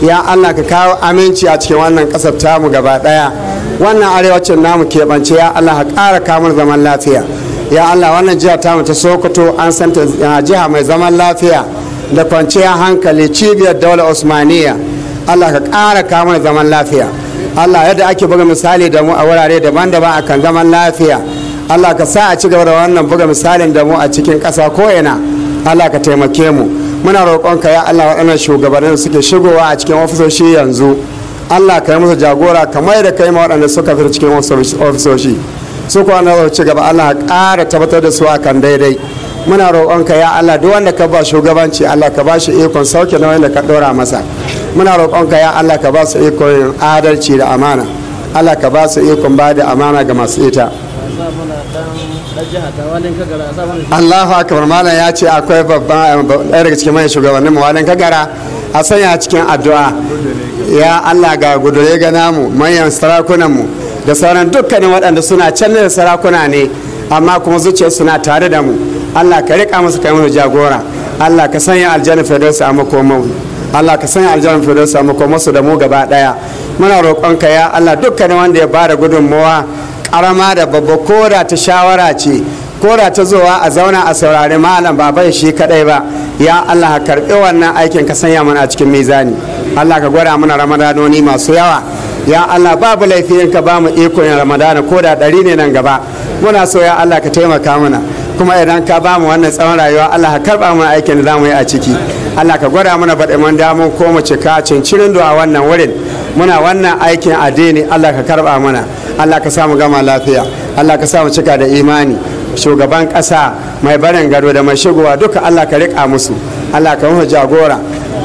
ya Allah ka kawo aminci a cikin wannan ƙasar mu gaba ɗaya wannan arewacin namu keɓance ya Allah ka ƙara kawo zaman lafiya ya Allah wannan jiha mu ta Sokoto an san ta jiha mai zaman lafiya da kwanciyar hankali cibiyar daular osmaniya allah ka ƙara kamar zaman lafiya allah yadda ake buga misali da mu a wurare daban-daban akan zaman lafiya allah ka sa a ci gaba da wannan buga misalin da mu a cikin ƙasa ko'ina allah ka taimake mu muna roƙon ka ya allah waɗannan shugabannin suke shigowa a cikin ofisoshi yanzu allah ka yi musu jagora kamar da ka yi ma waɗanda suka fita cikin ofisoshi su kuwa na ci gaba allah ka ƙara tabbatar da su akan daidai muna roƙonka ya Allah duk wanda ka ba shugabanci Allah ka ba shi ikon sauke na wanda ka ɗora masa muna roƙonka ya Allah ka ba su ikon adalci da amana Allah ka ba su ikon ba da amana ga masu ita Allahu akbar malam ya ce akwai babban eh, ɗaya daga cikin mai shugabannin mawalin kagara a sanya cikin addu'a ya Allah ga gudure ga namu manyan sarakunanmu da sauran dukkanin waɗanda suna canne da sarakuna ne amma kuma zuciyarsu na tare da mu Allah ka rika masa kai mana jagora Allah ka sanya aljanna firdaus a mako mau Allah ka sanya aljanna firdaus a mako masu da mu gaba daya muna roƙonka ya Allah dukkanin wanda ya bada gudunmawa karama da babba koda ta shawara ce koda ta zowa a zauna a saurari malam ba bai shi kadai ba ya Allah ka karbi wannan aikin ka sanya mana a cikin mizani Allah ka gwada mana ramadanoni masu yawa ya Allah babu laifin ka ba mu ikon ramadana koda ɗari ne nan gaba muna so ya Allah ka taimaka mana kuma idan ka ba mu wannan tsawon rayuwa Allah ka karba mana aikin da zamu yi a ciki Allah ka gwada mana baɗe mun damun ko mu cika cincirin a wannan wurin muna wannan aikin addini Allah ka karba mana Allah ka samu gama lafiya Allah ka samu cika da imani shugaban ƙasa mai barin gado da mai shigowa duka Allah ka riƙa musu Allah ka mu jagora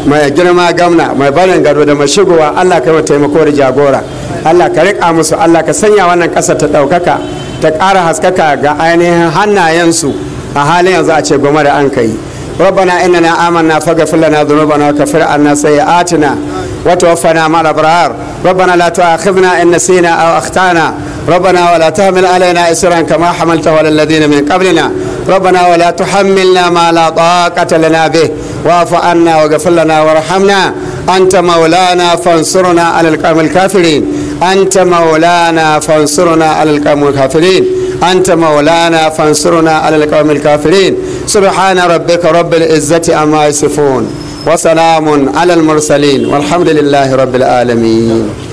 mai girma gamna mai barin gado da mai shigowa Allah ka yi taimako da jagora Allah ka riƙa musu Allah ka sanya wannan ƙasa ta ɗaukaka ta ƙara haskaka ga ainihin hannayensu a halin yanzu a ce goma da an kai ربنا إننا آمنا فاغفر لنا ذنوبنا وكفر عنا سيئاتنا وتوفنا مع الأبرار ربنا لا تؤاخذنا نسينا ربنا ولا تحمل علينا كما حملته على الذين من قبلنا ربنا ولا تحملنا ما لا لنا به واعف عنا واغفر لنا وارحمنا مولانا فانصرنا على القوم الكافرين anta maulana fansurna alal qawmil kafirin anta maulana fansurna alal qawmil kafirin subhana rabbika rabbil izzati amma yasifun wa salamun alal mursalin walhamdulillahi rabbil alamin